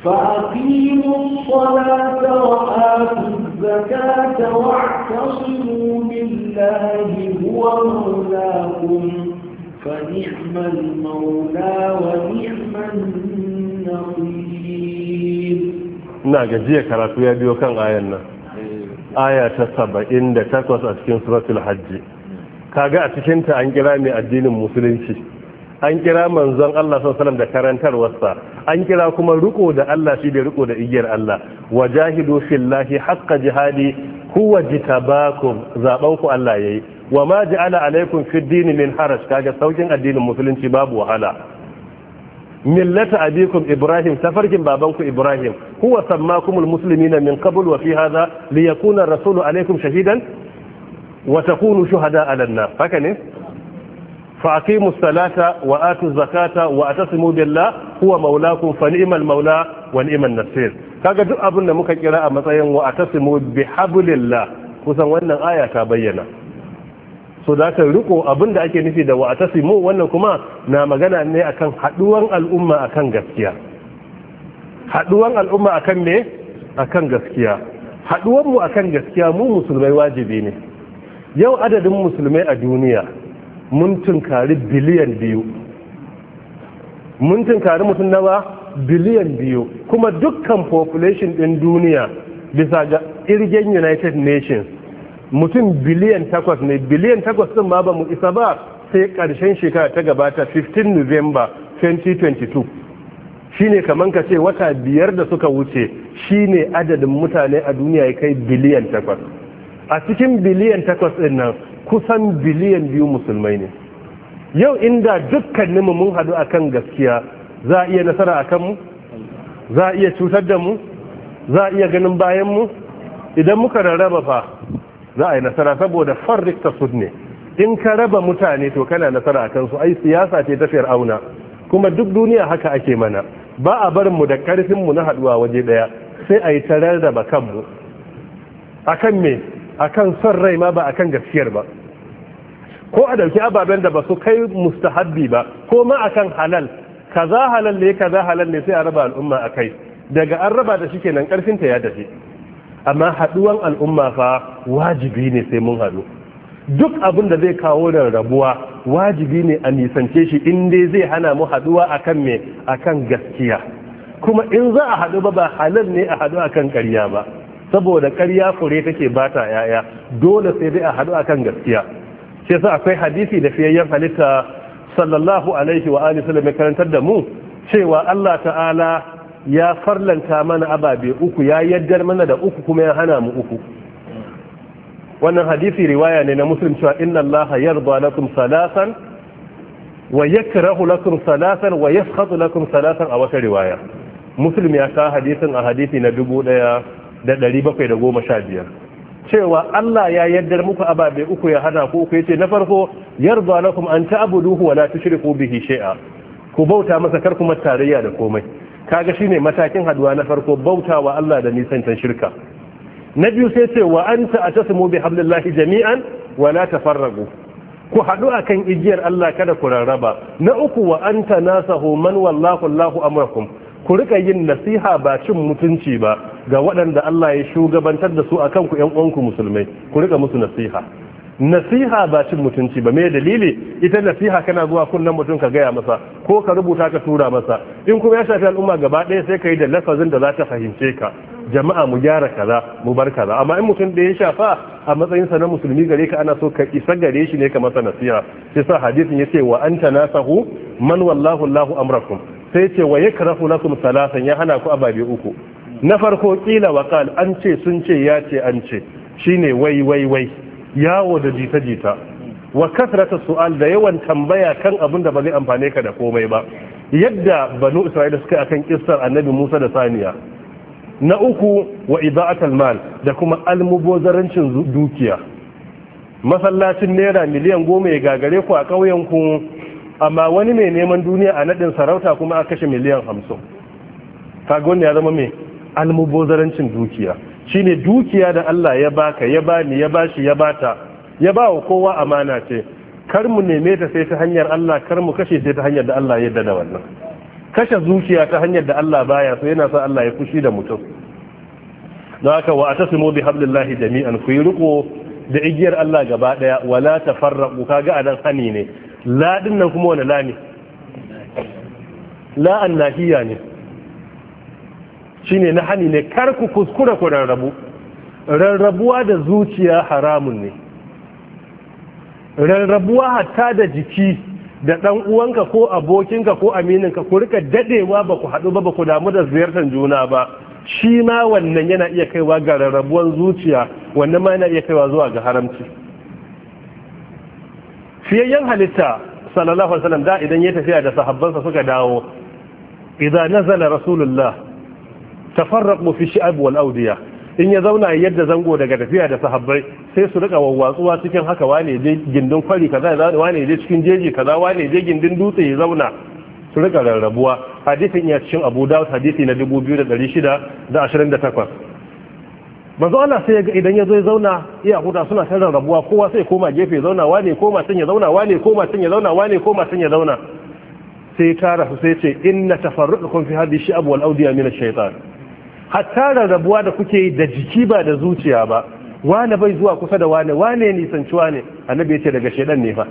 فأقيموا الصلاة وآتوا الزكاة واعتصموا بالله هو مولاكم فنعم المولى ونعم النصير na gajiya karatu ya biyo kan ayan nan aya ta 78 a cikin suratul hajji kaga a cikinta an kira mai addinin musulunci an kira manzon Allah sallallahu da karantarwarsa an kira kuma riko da Allah shi da riko da igiyar Allah wajahidu fillahi haqqo jihadi huwa jitabakum zaban ku Allah yayi wa ma ja'ala alaikum fid din min haraj kaga saukin addinin musulunci babu wahala millata abikum ibrahim tafarkin babanku ibrahim huwa sammakumul muslimina min qabl wa fi hadha liyakuna rasulu alaikum shahidan wa takunu shuhada ala nas haka ne fa aqimu salata wa atu zakata wa atasimu billah huwa maulakum fa ni'mal maula wa ni'man nasir kaga duk abin da muka kira a matsayin wa atasimu bihablillah kusan wannan aya ta bayyana so da ka riko abin da ake nufi da wa atasimu wannan kuma na magana ne akan haduwan al'umma akan gaskiya haduwan al'umma akan me akan gaskiya haduwan mu akan gaskiya mu musulmai wajibi ne yau adadin musulmai a duniya mun tunkari biliyan biyu mun tunkari mutum na ba biliyan biyu kuma dukkan population ɗin duniya bisa ga irgen united nations mutum biliyan takwas ne biliyan takwas ɗin ma ba mu isa ba sai ƙarshen shekara ta gabata 15 november 2022 shine kamar ka ce wata biyar da suka wuce shine adadin mutane a duniya ya kai biliyan takwas a cikin biliyan takwas ɗin nan kusan biliyan biyu musulmai ne yau inda dukkaninmu mun haɗu a kan gaskiya za a iya nasara a kanmu za a iya cutar da mu za a iya ganin bayanmu idan muka rarraba fa za a yi nasara saboda farrik ta ne in ka raba mutane to kana nasara a kansu ai siyasa ce tafiyar auna kuma duk duniya haka ake mana ba a barin mu da karfin mu na haduwa waje ɗaya sai a yi ta rarraba kanmu akan me akan son rai ma ba akan gaskiyar ba ko a dauki ababen da ba su kai mustahabbi ba ko ma akan halal kaza halal ne kaza halal ne sai a raba al'umma akai daga an raba da shike nan karfin ta ya dace amma haduwan al'umma fa wajibi ne sai mun hadu duk abin da zai kawo da rabuwa wajibi ne a nisance shi in dai zai hana mu haduwa akan me akan gaskiya kuma in za a hadu ba ba halal ne a hadu akan ƙarya ba saboda karya fure take ta yaya dole sai dai a haɗu akan gaskiya sai yasa akwai hadisi da fiyayyen halitta sallallahu alaihi wa alihi sallam ya karantar da mu cewa Allah ta'ala ya farlanta mana ababe uku ya yaddar mana da uku kuma ya hana mu uku wannan hadisi riwaya ne na muslim cewa inna allaha yarda lakum salasan wa yakrahu lakum salasan wa lakum salasan a wata riwaya muslim ya ka hadisin a hadisi na dubu ɗaya da ɗari bakwai da goma sha biyar cewa Allah ya yaddar muku ababe uku ya hana ku uku ce na farko yarda lakum an ta'buduhu wa la tushriku bihi shay'a ku bauta masa kar kuma tarayya da komai Ka kaga shine matakin haduwa na farko bautawa Allah da nisantan shirka na biyu sai ce wa anta atasimu bi hablillahi jami'an wa la farragu. ku hadu akan igiyar Allah kada ku rarraba na uku wa anta nasahu man wallahu Allahu amrakum ku rika yin nasiha ba cin mutunci ba ga waɗanda Allah ya shugabantar da su a kanku ƴan uwanku musulmai ku rika musu nasiha nasiha ba cin mutunci ba me dalili ita nasiha kana zuwa kullum mutum ka gaya masa ko ka rubuta ka tura masa in kuma ya shafi al'umma gaba ɗaya sai ka yi da lafazin da za ta fahimce ka jama'a mu gyara kaza mu bar kaza amma in mutum da ya shafa a matsayin sa na musulmi gare ka ana so ka isa gare shi ne ka masa nasiha sai sa hadisin ya ce wa anta nasahu man wallahu allahu amrakum sai ce wa na lakum salasan ya hana ku ababe uku na farko kila wa qal an ce sun ce ya ce an ce shine wai wai wai yawo da jita jita wa kasrata su'al da yawan tambaya kan abin da ba zai amfane ka da komai ba yadda banu isra'ila suka akan kissar annabi Musa da Saniya na uku wa ida'atul mal da kuma almubozarancin dukiya masallacin naira miliyan goma ya gagare ku a ƙauyen ku amma wani mai neman duniya a nadin sarauta kuma a kashe miliyan hamsin kagon ya zama mai almubozarancin dukiya Shi ne dukiya da Allah ya baka ya bani ya bashi ya bata ya ba wa kowa amana ce kar mu neme ta sai ta hanyar Allah kar mu kashe sai ta hanyar da Allah ya dada wannan kashe zuciya ta hanyar da Allah baya so yana sa Allah ya fushi da mutum don haka wa atasimu bi hablillahi jami'an ku yi riko da igiyar Allah gaba daya wala tafarraqu kaga nan hani ne ladin nan kuma wani la ne la nahiya ne shine na hani ne kar ku kuskura ku rarrabu rarrabuwa da zuciya haramun ne rarrabuwa hatta da jiki da ɗan uwanka ko abokinka ko amininka ku rika dadewa ba ku haɗu ba ba ku damu da ziyartar juna ba shi ma wannan yana iya kaiwa ga rarrabuwan zuciya wannan ma yana iya kaiwa zuwa ga haramci fiyayyen halitta sallallahu alaihi wasallam da idan ya tafiya da sahabbansa suka dawo idan nazala rasulullah tafarraqu fi shi'ab wal awdiya in ya zauna yadda zango daga tafiya da sahabbai sai su rika wawwatsuwa cikin haka wane je gindin kwari kaza wane je cikin jeji kaza wane je gindin dutse ya zauna su rika rarrabuwa hadisin ya cikin Abu Dawud hadisi na 2628 manzo Allah sai ga idan ya zo ya zauna iya huta suna ta rabuwa kowa sai koma gefe ya zauna wane koma can ya zauna wane koma can ya zauna wane koma can ya zauna sai tara su sai ce inna tafarruqukum fi hadhihi shi'ab wal awdiya min ash-shaytan hatta rabuwa da kuke yi da jiki ba da zuciya ba wani bai zuwa kusa da wani wani ne nisancuwa ne annabi ya ce daga shedan ne fa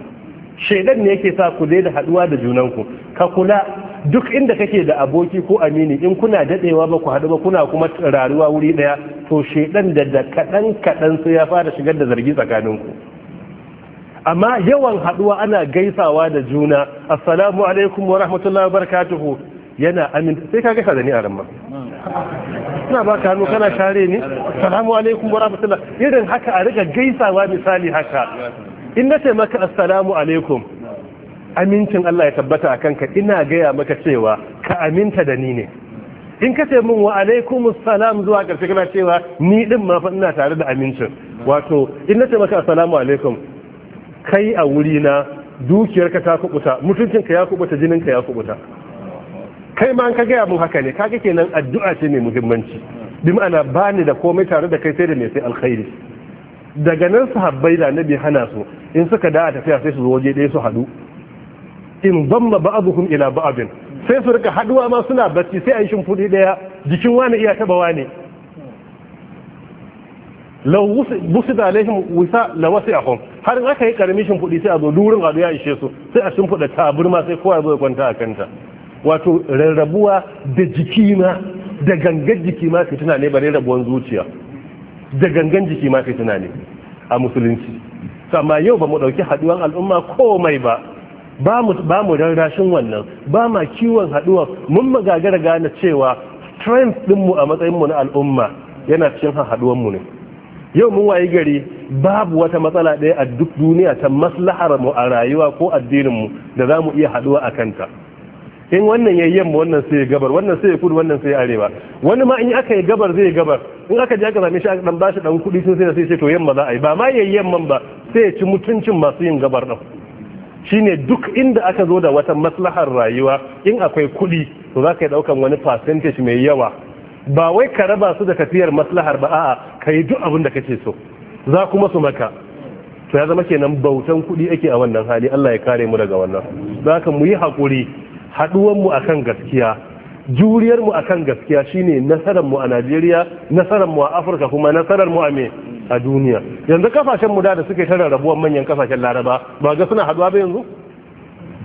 shaidan ne yake sa ku daina haduwa da junanku ka kula duk inda kake da aboki ko amini in kuna dadewa ba ku ba kuna kuma raruwa wuri daya to shedan da da kadan kadan sai ya fara shigar da zargi tsakaninku amma yawan haduwa ana gaisawa da juna assalamu alaikum wa rahmatullahi wa barakatuhu yana amin sai ka gaisa da ni a ramma ina ba ka hannu kana share ni assalamu alaikum wa rahmatullahi irin haka a riga gaisawa misali haka in na ce maka assalamu alaikum amincin Allah ya tabbata a kanka ina gaya maka cewa ka aminta da ni ne in ka ce min wa alaikumus salam zuwa ƙarshe kana cewa ni din ma fa ina tare da amincin wato in na ce maka assalamu alaikum kai a wuri na dukiyarka ta kubuta mutuncinka ya kubuta jininka ya kubuta kai ma an ka gaya mun haka ne kaga kenan addu'a ce mai muhimmanci bi ma'ana bani da komai tare da kai sai da mai sai alkhairi daga nan sahabbai da nabi hana su in suka da'a tafiya sai su zo waje dai su haɗu in zamma ba'aduhum ila ba'adin sai su rika haduwa ma suna bacci sai a yi fudi ɗaya jikin wani iya taba wani law busida alaihim wisa law wasi'ahum har in aka yi karamin fudi sai a zo durin gado ya ishe su sai a shimfiɗa taburma sai kowa zo ya kwanta a kanta wato rarrabuwa da jiki ma da gangan jiki ma fitina ne bare rabuwan zuciya da gangan jiki ma fitina ne a musulunci amma yau ba mu ɗauki haɗuwan al'umma komai ba ba mu ba rarrashin wannan ba ma kiwon haduwa mun magagara gane cewa strength dinmu a matsayinmu na al'umma yana cikin haduwan ne yau mun wayi gari babu wata matsala ɗaya a duk duniya ta maslahar mu a rayuwa ko addinin mu da za mu iya haduwa a kanta in wannan ya yamma wannan sai ya gabar wannan sai ya kudu wannan sai ya arewa wani ma in aka yi gabar zai gabar in aka je aka same shi aka dan bashi dan kudi sun sai sai ce to yamma za a yi ba ma yayyan man ba sai ya ci mutuncin masu yin gabar din shine duk inda aka zo da wata maslahar rayuwa in akwai kuɗi to za ka yi ɗaukan wani percentage mai yawa ba wai ka raba su da tafiyar maslahar ba a'a ka yi duk abin da kake so za kuma su maka to ya zama kenan bautan kuɗi ake a wannan hali Allah ya kare mu daga wannan za ka mu yi haƙuri mu akan gaskiya juriyarmu akan gaskiya shine mu a Najeriya mu a Afirka kuma mu a me a duniya yanzu kasashen mu da suke tara rabuwan manyan kasashen laraba ba ga suna haduwa ba yanzu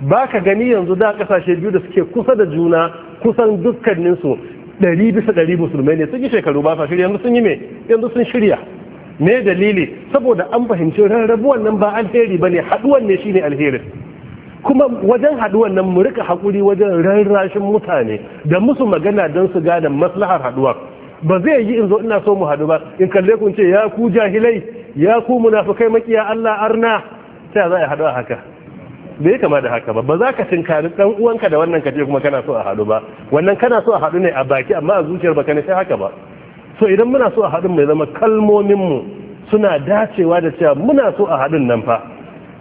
ba ka gani yanzu da kasashe biyu da suke kusa da juna kusan dukkaninsu ɗari bisa ɗari musulmai ne sun yi shekaru ba sa shirya yanzu sun yi me yanzu sun shirya me dalili saboda an fahimci rarrabuwan nan ba alheri ba ne haɗuwan ne shine alheri, kuma wajen haɗuwan nan mu rika haƙuri wajen rarrashin mutane da musu magana don su gane maslahar haɗuwar ba zai yi in zo ina so mu hadu ba in kalle kun ce ya ku jahilai ya ku munafukai makiya Allah arna ta za a haɗu a haka bai kama da haka ba ba za ka tinkari dan uwanka da wannan kaje kuma kana so a hadu ba wannan kana so a hadu ne a baki amma a zuciyar baka ne sai haka ba so idan muna so a hadu mai zama kalmomin mu suna dacewa da cewa muna so a haɗun nan fa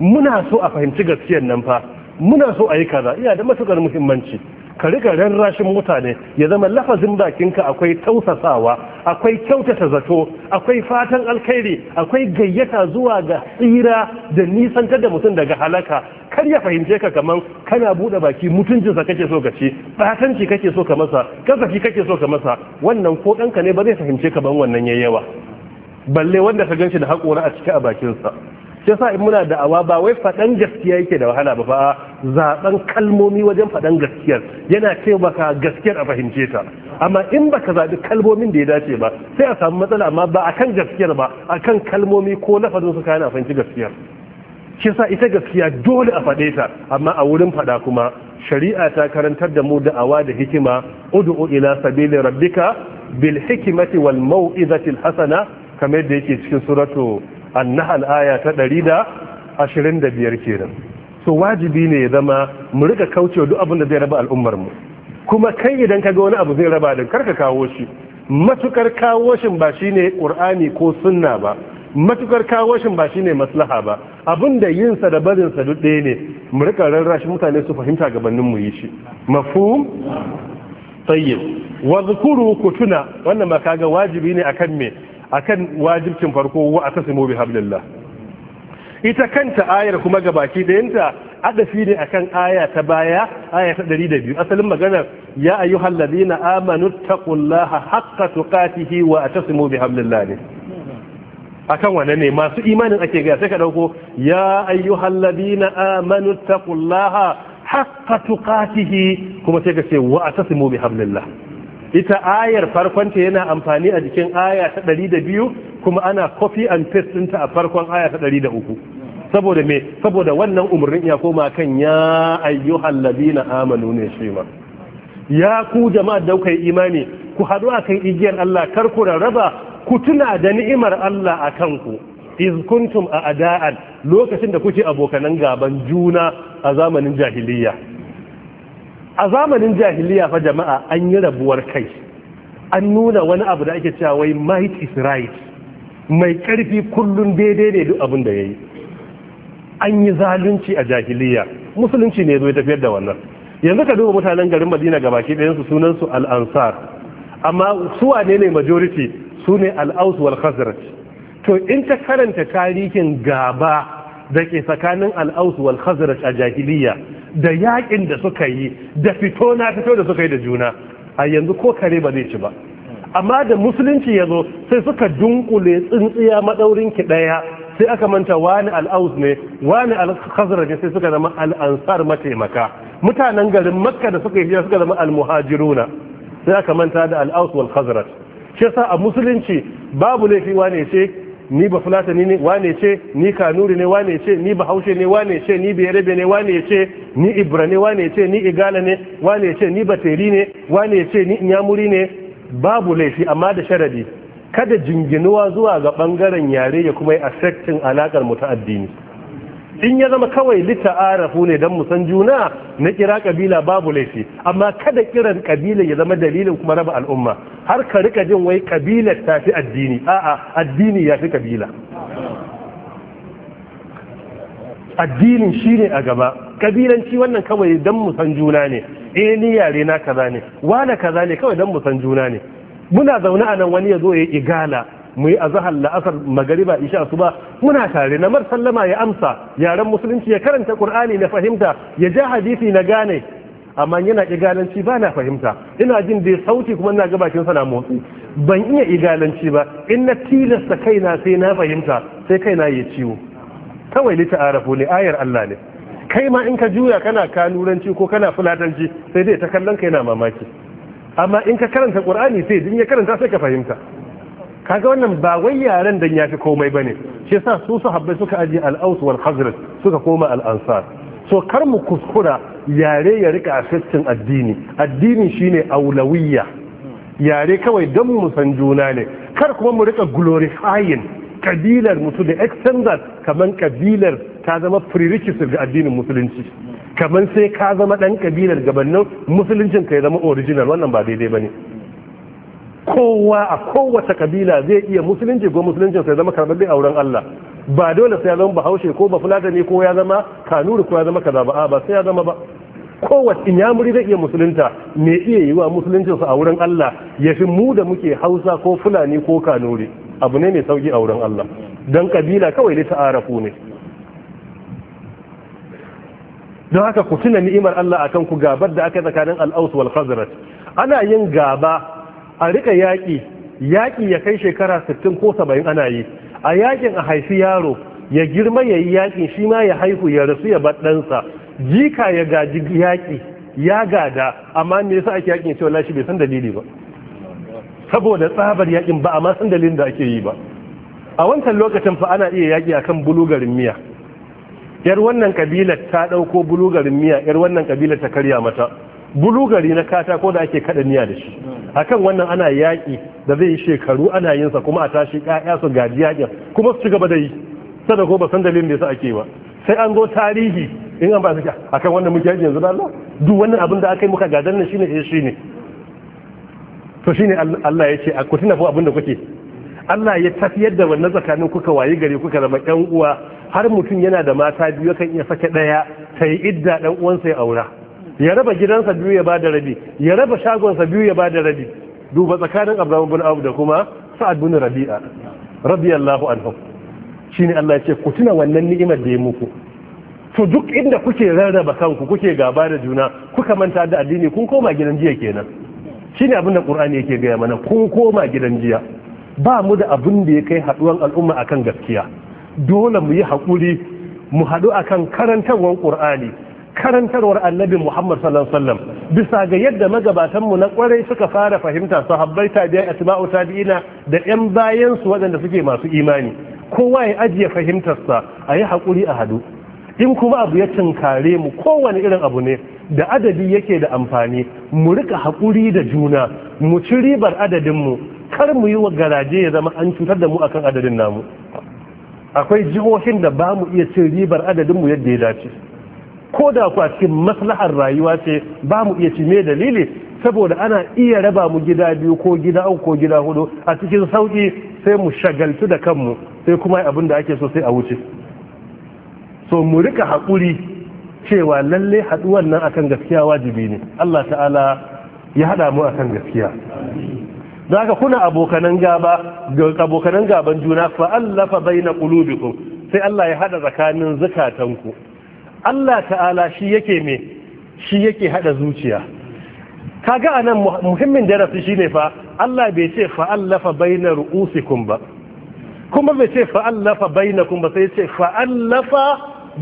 muna so a fahimci gaskiyar nan fa muna so a yi kaza iya da matukar muhimmanci ka rika rarrashin mutane ya zama lafazin bakinka akwai tausasawa akwai kyautata zato akwai fatan alkhairi akwai gayyata zuwa ga tsira da nisantar da mutum daga halaka kar ya fahimce ka kaman kana bude baki mutuncinsa kake so ka ci batanci kake so ka masa kasafi kake so ka masa wannan ko ɗanka ne ba zai fahimce ka ban wannan yayyawa balle wanda ka ganshi da haƙora a cike a bakinsa sai sa in muna da'awa ba wai faɗan gaskiya yake da wahala ba ba zaɓen kalmomi wajen faɗan gaskiyar yana taimaka gaskiyar a fahimce ta amma in baka zaɓi kalmomin da ya dace ba sai a samu matsala amma ba akan gaskiyar ba akan kalmomi ko lafazin su kayan fahimci gaskiyar shi sa ita gaskiya dole a faɗe ta amma a wurin faɗa kuma shari'a ta karantar da mu da'awa da hikima ud'u ila sabili rabbika bil hikmati wal mau'izati al hasana kamar yadda yake cikin suratu annahal aya ta da da ashirin 125 kenan so wajibi ne ya zama mu rika kauce duk abin da zai raba al'ummar mu kuma kai idan ka ga wani abu zai raba din karka kawo shi matukar kawo shi ba shine qur'ani ko sunna ba matukar kawo shi ba shine maslaha ba abinda yin sa da barin sa duk ɗaya ne mu rika rarrashi mutane su fahimta gabanin mu yi shi mafhum tayyib wa zkuru kutuna wannan ma kaga wajibi ne akan me akan wajibcin farko wa atasimu bi hablillah ita kanta ayar kuma ga baki dayanta adafi ne akan aya ta baya aya ta 102 asalin magana ya ayyuhal ladina amanu taqullaha haqqa tuqatihi wa atasimu bi hablillah ne akan wannan ne masu imanin ake gaya sai ka dauko ya ayyuhal ladina amanu taqullaha haqqa tuqatihi kuma sai ka ce wa atasimu bi hablillah ita ayar farkonta yana amfani a jikin aya ta ɗari da biyu kuma ana copy and paste ɗinta a farkon aya ta ɗari da uku saboda me saboda wannan umarnin ya koma kan ya ayyuhal ladina amanu ne shi ma ya ku jama'a da imani ku haɗu akan igiyar Allah kar ku raba ku tuna da ni'imar Allah a kanku iz kuntum a ada'an lokacin da kuke abokanan gaban juna a zamanin jahiliyya a zamanin jahiliya fa jama'a an yi rabuwar kai an nuna wani abu da ake cewa wai might is right mai karfi kullum daidai ne duk abin da ya yi an yi zalunci a jahiliya musulunci ne zo ya tafiyar da wannan yanzu ka duba mutanen garin madina ga baki ɗayansu sunansu al'ansar amma su wane ne majority su ne al'aus wal khazraj to in ta karanta tarihin gaba da ke tsakanin al'aus wal khazraj a jahiliya da yaƙin da suka yi da fito na fito da suka yi da juna a yanzu ko kare ba zai ci ba amma da musulunci ya zo sai suka dunkule tsintsiya maɗaurin ki ɗaya sai aka manta wani al'aus ne wani al ne sai suka zama al'ansar mataimaka mutanen garin makka da suka yi suka zama al-muhajiruna sai aka manta da al'aus aus wal khazraj shi yasa a musulunci babu laifi wane ce ni ba ni ne wane ce ni kanuri ne wane ce ni ba haushe ne wane ce ni biyarebe ne wane ce ni ibra ne wane ce ni igala ne wane ce ni bateri ne wane ce ni nyamuri ne babu laifi amma da sharadi kada jinginuwa zuwa ga bangaren yare ya kuma yi affecting alakar mu ta addini in ya zama kawai arafu ne don musan juna na kira kabila babu laifi amma kada kiran kabila ya zama dalilin kuma raba al'umma har ka rika jin wai kabila ta fi addini a'a addini ya fi kabila addinin shi ne a gaba kabilanci wannan kawai don musan juna ne eh ni yare na kaza ne wane kaza ne kawai don musan juna ne muna zaune a nan wani ya zo ya igala mu yi azhar la'asar magariba isha su ba muna tare na mar sallama ya amsa yaren musulunci ya karanta qur'ani na fahimta ya ja hadisi na gane amma yana igalanci ba na fahimta ina jin da sauti kuma ina ga bakin na motsi ban iya igalanci ba in na tilasta kaina sai na fahimta sai kaina ya ciwo kawai lita ta'arafu ne ayar Allah ne kai ma in ka juya kana kanuranci ko kana fulatanci sai dai ta kallon kai na mamaki amma in ka karanta qur'ani sai din ya karanta sai ka fahimta kaga wannan ba wai yaren dan yafi komai bane shi yasa su sahabbai suka aje al-aus wal khazraj suka koma al-ansar so kar mu kuskura yare ya rika affectin addini addini shine aulawiyya yare kawai dan mu san juna ne kar kuma mu rika glorifying kabilar mutu da extended kaman kabilar ta zama prerequisite ga addinin musulunci kaman sai ka zama dan kabilar gabanin musuluncin ka ya zama original wannan ba daidai bane kowa a kowace kabila zai iya musulunci ko musulunci sai zama karbabbe a wurin Allah ba dole sai ya zama bahaushe ko ba fulatani ko ya zama kanuri ko ya zama kaza ba ba sai ya zama ba kowace inyamuri zai iya musulunta ne iya yi wa su a wurin Allah ya fi mu da muke hausa ko fulani ko kanuri abu ne mai sauki a wurin Allah don kabila kawai da ta'arafu ne don haka ku tuna ni'imar Allah akan ku gabar da aka tsakanin al'aus wal khazraj ana yin gaba a rika yaƙi yaƙi ya kai shekara 60 ko 70 ana yi a yaƙin a haifi yaro ya girma ya yi yaƙin shi ma ya haihu ya rasu ya bar jika ya gaji yaƙi ya gada amma me yasa ake yaƙin cewa lashi bai san dalili ba saboda tsabar yaƙin ba amma san dalilin da ake yi ba a wancan lokacin fa ana iya yaƙi akan bulugarin miya yar wannan kabilar ta ɗauko bulugarin miya yar wannan kabilar ta karya mata bulugari na katako da ake kaɗa miya da shi akan wannan ana yaƙi da zai yi shekaru ana yin kuma a tashi ƴaƴa su gaji yaƙin kuma su ci gaba da yi sada ko ba san dalilin da yasa ake ba sai an zo tarihi in an ba su akan wannan muke yaƙi yanzu da Allah duk wannan abin da aka yi muka gadan nan shine eh shine to shine Allah ya ce a ku tuna fa abin da kuke Allah ya tafiyar da wannan tsakanin kuka wayi gari kuka zama ƴan uwa har mutum yana da mata biyu kan iya sake daya ta idda ɗan uwansa ya aura ya raba gidansa biyu ya bada rabi ya raba shagonsa biyu ya bada rabi duba tsakanin Abraham bin abu da kuma Sa'ad bin Rabi'a radiyallahu anhu shine Allah ya ce ku tuna wannan ni'imar da ya muku to duk inda kuke rarraba kanku kuke gaba da juna kuka manta da addini kun koma gidan jiya kenan shine abin da Qur'ani yake gaya mana kun koma gidan jiya ba mu da abin da ya kai haduwan al'umma akan gaskiya dole mu yi hakuri mu haɗu akan karantarwar qur'ani. karantarwar annabi Muhammad sallallahu alaihi wasallam bisa ga yadda magabatan mu na kwarai suka fara fahimta sahabbai tabi'ai atba'u tabi'ina da ƴan bayan su waɗanda suke masu imani kowa ya ajiye fahimtar sa ayi hakuri a hadu in kuma abu ya cinkare mu kowane irin abu ne da adadi yake da amfani mu rika hakuri da juna mu ci ribar adadin mu kar mu yi wa garaje ya zama an cutar da mu akan adadin namu akwai jihohin da ba mu iya cin ribar adadin mu yadda ya dace ko da ku a cikin maslahar rayuwa ce ba mu iya ci me dalili saboda ana iya raba mu gida biyu ko gida uku ko gida hudu a cikin sauki sai mu shagaltu da kanmu sai kuma abin da ake so sai a wuce so mu rika haƙuri cewa lalle haɗuwan nan akan gaskiya wajibi ne Allah ta'ala ya haɗa mu akan gaskiya da haka kuna abokanan gaba ga abokanan gaban juna allafa baina qulubikum sai Allah ya haɗa tsakanin zukatanku Allah ta'ala shi yake me shi yake hada zuciya kaga anan muhimmin darasi shine fa Allah bai ce allafa bayna ru'usikum ba kuma bai ce fa'allafa bainakum ba sai ce allafa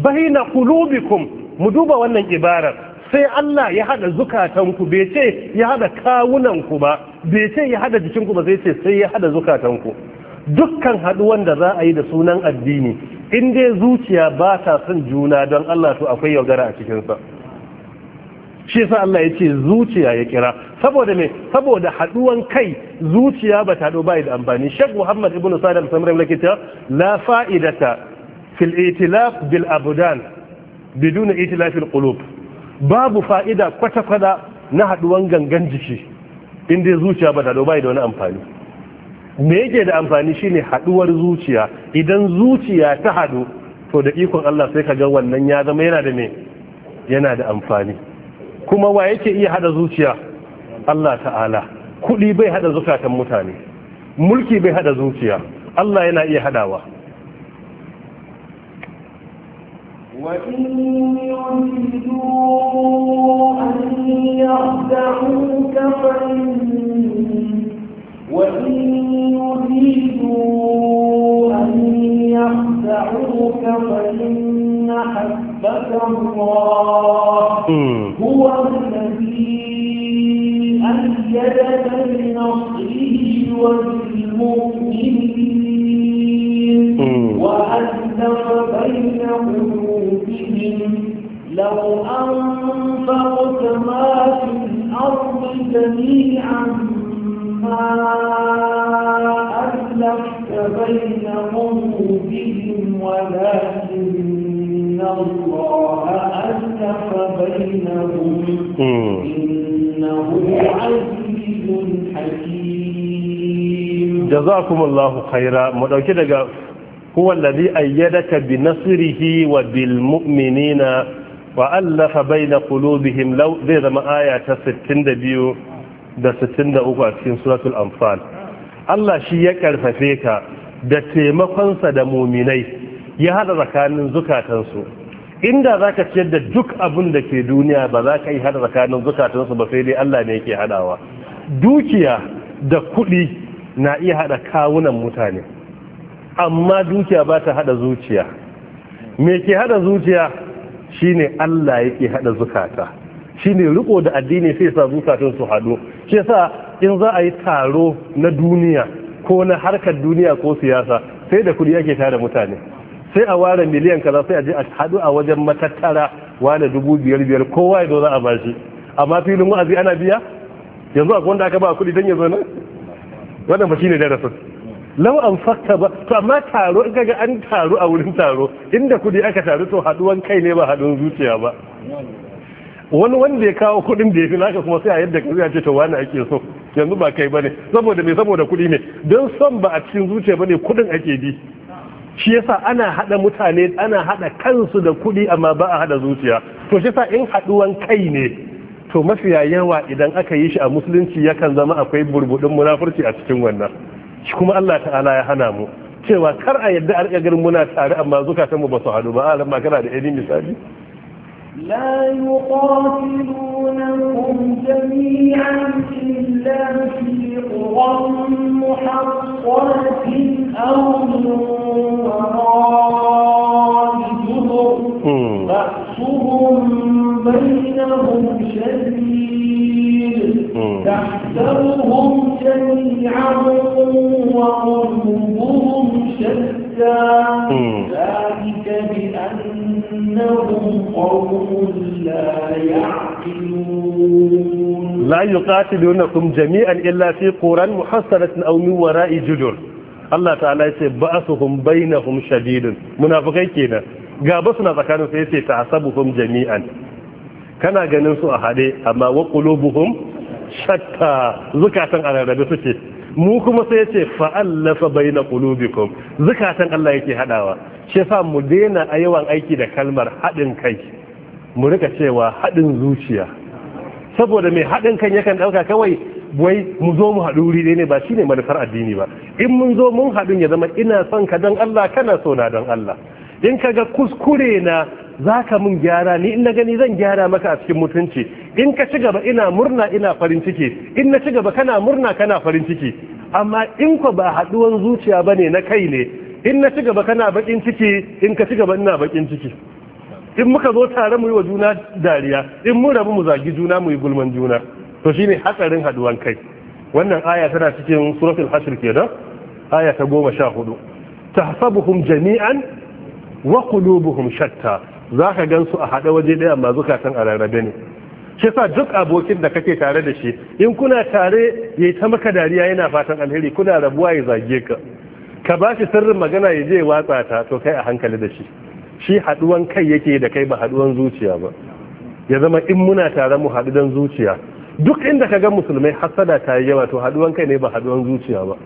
baina qulubikum mu duba wannan ibarar sai Allah ya hada zukatanku bai ce ya hada kawunanku ba bai ce ya hada jikinku ba sai ce sai ya hada zukatanku dukkan haduwan da za a yi da sunan addini in dai zuciya ba ta son juna don Allah to akwai yaudara a cikinsa shi yasa Allah ya ce zuciya ya kira saboda me saboda haduwan kai zuciya ba ta ba da amfani Sheikh Muhammad Ibn Salim Samrim lakita ta la fa'idata fil itilaf bil abudan bidun itilaf al qulub babu fa'ida kwata kwata na haduwan gangan jiki in dai zuciya ba ta ba da wani amfani me yake da amfani shine haduwar zuciya idan zuciya ta hadu to da ikon Allah sai ka ga wannan ya zama yana da me yana da amfani kuma wa yake iya hada zuciya Allah ta'ala kudi bai hada zukatan mutane mulki bai hada zuciya Allah yana iya hadawa وإن يريدوا أن يخدعوك فإن وإن يريدوا أن يخدعوك فإن حسبك الله هو الذي أيدك بنصره وبالمؤمنين وألف بين قلوبهم لو أنفقت ما في الأرض جميعا ما ألفت بينهم بهم ولكن الله ألف بينهم إنه عزيز حكيم جزاكم الله خيرا هو الذي أيدك بنصره وبالمؤمنين وألف بين قلوبهم لو ذي ما آية 62 da sittin da uku a cikin suratul anfal Allah shi ya karfafe ka da taimakonsa da muminai ya hada tsakanin zukatansu inda za ka ciyar da duk abin da ke duniya ba za ka yi hada tsakanin zukatansu ba sai dai Allah ne yake hadawa dukiya da kuɗi na iya hada kawunan mutane amma dukiya ba ta hada zuciya me ke hada zuciya shine Allah yake hada zukata ne riko da addini sai sa zukatun su haɗu shi yasa in za a yi taro na duniya ko na harkar duniya ko siyasa sai da kuɗi ake tare mutane sai a ware miliyan kaza sai a je a haɗu a wajen matattara ware dubu biyar biyar kowa ya za a bashi amma filin wa'azi ana biya yanzu a wanda aka ba kuɗi don ya zo nan wannan ba ne darasin lau an fakta ba to amma taro in kaga an taro a wurin taro inda kuɗi aka taru to haɗuwan kai ne ba haɗuwan zuciya ba wani wanda ya kawo kuɗin da ya fi naka kuma sai a yadda ka ce to wani ake so yanzu ba kai bane saboda me saboda kuɗi ne don son ba a cikin zuciya bane kuɗin ake bi shi yasa ana hada mutane ana hada kansu da kuɗi amma ba a hada zuciya to shi yasa in haduwan kai ne to mafi yawa idan aka yi shi a musulunci yakan zama akwai burbudin munafurci a cikin wannan shi kuma Allah ta'ala ya hana mu cewa kar a yadda a ganin muna tare amma zukatanmu ba su hadu ba a kana da ainihin misali لا يقاتلونكم جميعا إلا في قرى محصنة أو من وراء جهر بأسهم بينهم شديد تحسبهم جميعا وقلوبهم شديد الكتاب ذلك بأنهم قوم لا يعقلون لا يقاتلونكم جميعا إلا في قرى محصنة أو من وراء جدر Allah ta'ala ya ce ba'asuhum bainahum shadidun munafikai kenan gaba suna tsakanin sai yace ta'asabuhum jami'an kana ganin su a hade amma wa buhun shatta zukatan a rarrabe suke mu kuma sai ce fa'allafa baina qulubikum zukatan Allah yake haɗawa shi sa mu daina a yawan aiki da kalmar haɗin kai mu rika cewa haɗin zuciya saboda mai haɗin kan yakan ɗauka kawai wai mu zo mu haɗu wuri dai ne ba shine manufar addini ba in mun zo mun haɗu ya zama ina son ka don Allah kana so na don Allah in ka ga kuskure na za ka mun gyara ni in na gani zan gyara maka a cikin mutunci in ka ci gaba ina murna ina farin ciki in na ci gaba kana murna kana farin ciki amma in ku ba haduwan zuciya ba ne na kai ne in na ci gaba kana bakin ciki in ka ci gaba ina bakin ciki in muka zo tare mu yi wa juna dariya in mun rabu mu zagi juna mu yi gulman juna to shine hatsarin haduwan kai wannan aya tana cikin suratul hashr kenan aya ta goma sha hudu tahsabuhum jami'an wa qulubuhum shatta za ka gan su a haɗa waje ɗaya amma zukatan a rarrabe ne shi sa duk abokin da kake tare da shi in kuna tare ya ta maka dariya yana fatan alheri kuna rabuwa ya zage ka ka ba shi sirrin magana ya je watsa ta to kai a hankali da shi shi haɗuwan kai yake da kai ba haɗuwan zuciya ba ya zama in muna tare mu haɗu don zuciya duk inda ka ga musulmai hasada ta yi yawa to haɗuwan kai ne ba haɗuwan zuciya ba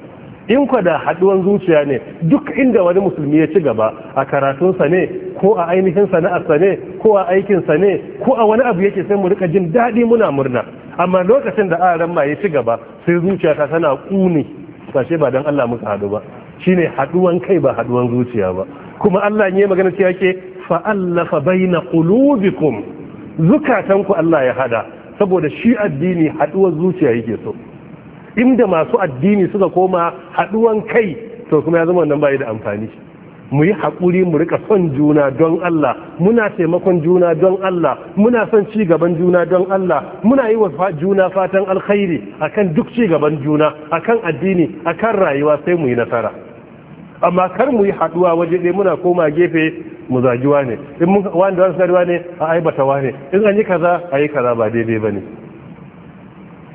in kwada da haduwan zuciya ne duk inda wani musulmi ya ci gaba a karatunsa ne ko a ainihin sana'arsa ne ko a aikinsa ne ko a wani abu yake sai mu rika jin daɗi muna murna amma lokacin da aran ma ya ci gaba sai zuciya ta tana kuni sashe ba don Allah muka hadu ba shine haduwan kai ba haduwan zuciya ba kuma Allah ne magana cewa ke fa'allafa baina qulubikum zukatanku Allah ya hada saboda shi addini haduwar zuciya yake so inda masu addini suka koma haɗuwan kai to kuma ya zama wannan bai da amfani mu yi haƙuri mu rika son juna don Allah muna taimakon juna don Allah muna son ci gaban juna don Allah muna yi wa juna fatan alkhairi akan duk ci gaban juna akan addini akan rayuwa sai mu yi nasara amma kar mu yi haɗuwa waje ɗaya muna koma gefe mu zagiwa ne in mun wani da wani ne a ne in an yi kaza a yi kaza ba daidai ba ne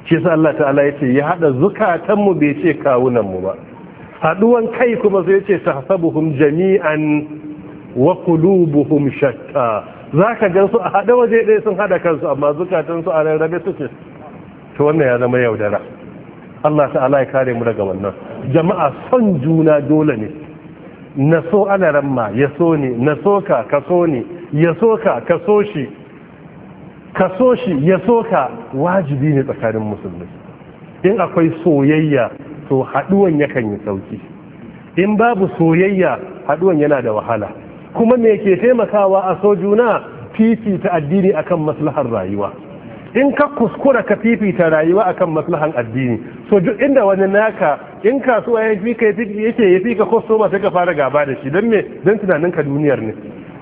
shi sa Allah ta'ala ce ya haɗa zukatan mu bai ce kawunan mu ba Haɗuwan kai kuma sai yace tahsabuhum jami'an wa qulubuhum shatta ka gan su a haɗa waje ɗaya sun haɗa kansu amma zukatan su a rarrabe suke to wannan ya zama yaudara Allah ta'ala ya kare mu daga wannan jama'a son juna dole ne na so ana ramma ya so ne na so ka ka so ne ya so ka ka so shi ka so shi ya so ka wajibi ne tsakanin musulmi in akwai soyayya to haduwan yakan yi sauki in babu soyayya haɗuwan yana da wahala kuma me ke taimakawa a so juna fifita addini akan maslahar rayuwa in ka kuskura ka fifita rayuwa akan maslahar addini so inda wani naka in kasuwa ya fi ka yake ya fi ka kwastoma sai ka fara gaba da shi don me don tunanin ka duniyar ne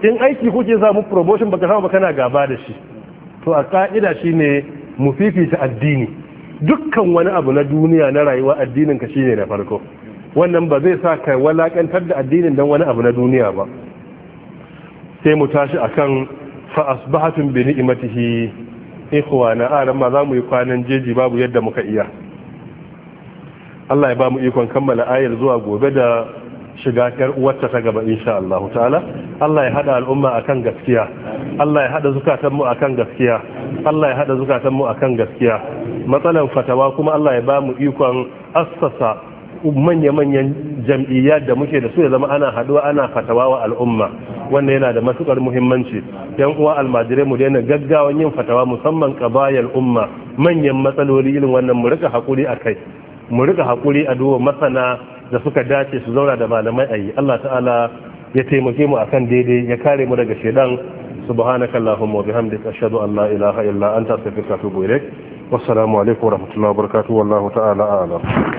in aiki kuke samu promotion baka samu ba kana gaba da shi to a ka'ida shi ne mu fifita addini dukkan wani abu na duniya na rayuwa addinin ka ne na farko wannan ba zai sa ka walakantar da addinin don wani abu na duniya ba sai mu tashi a kan asbahatum bi ni'matihi ikhwana aran ma mu yi kwanan jeji babu yadda muka iya Allah ya ba mu ikon kammala ayar zuwa gobe da shiga ƴar uwarta ta gaba insha Allah ta'ala Allah ya hada al'umma akan gaskiya Allah ya hada zukatan mu akan gaskiya Allah ya hada zukatan mu akan gaskiya matsalan fatawa kuma Allah ya ba mu ikon assasa manya-manyan jam'iyyar da muke da su ya zama ana haduwa ana fatawa wa al'umma wannan yana da matukar muhimmanci yan uwa almajirai mu daina gaggawan yin fatawa musamman kabayar umma manyan matsaloli irin wannan mu rika hakuri a kai mu rika hakuri a duba masana da suka dace su zauna da malamai a yi Allah ta'ala ya taimake mu akan daidai ya kare mu daga shedan subhanaka allahumma wa bihamdika ashhadu an la ilaha illa anta astaghfiruka wa atubu ilaik wassalamu alaikum wa wabarakatuh wallahu ta'ala a'lam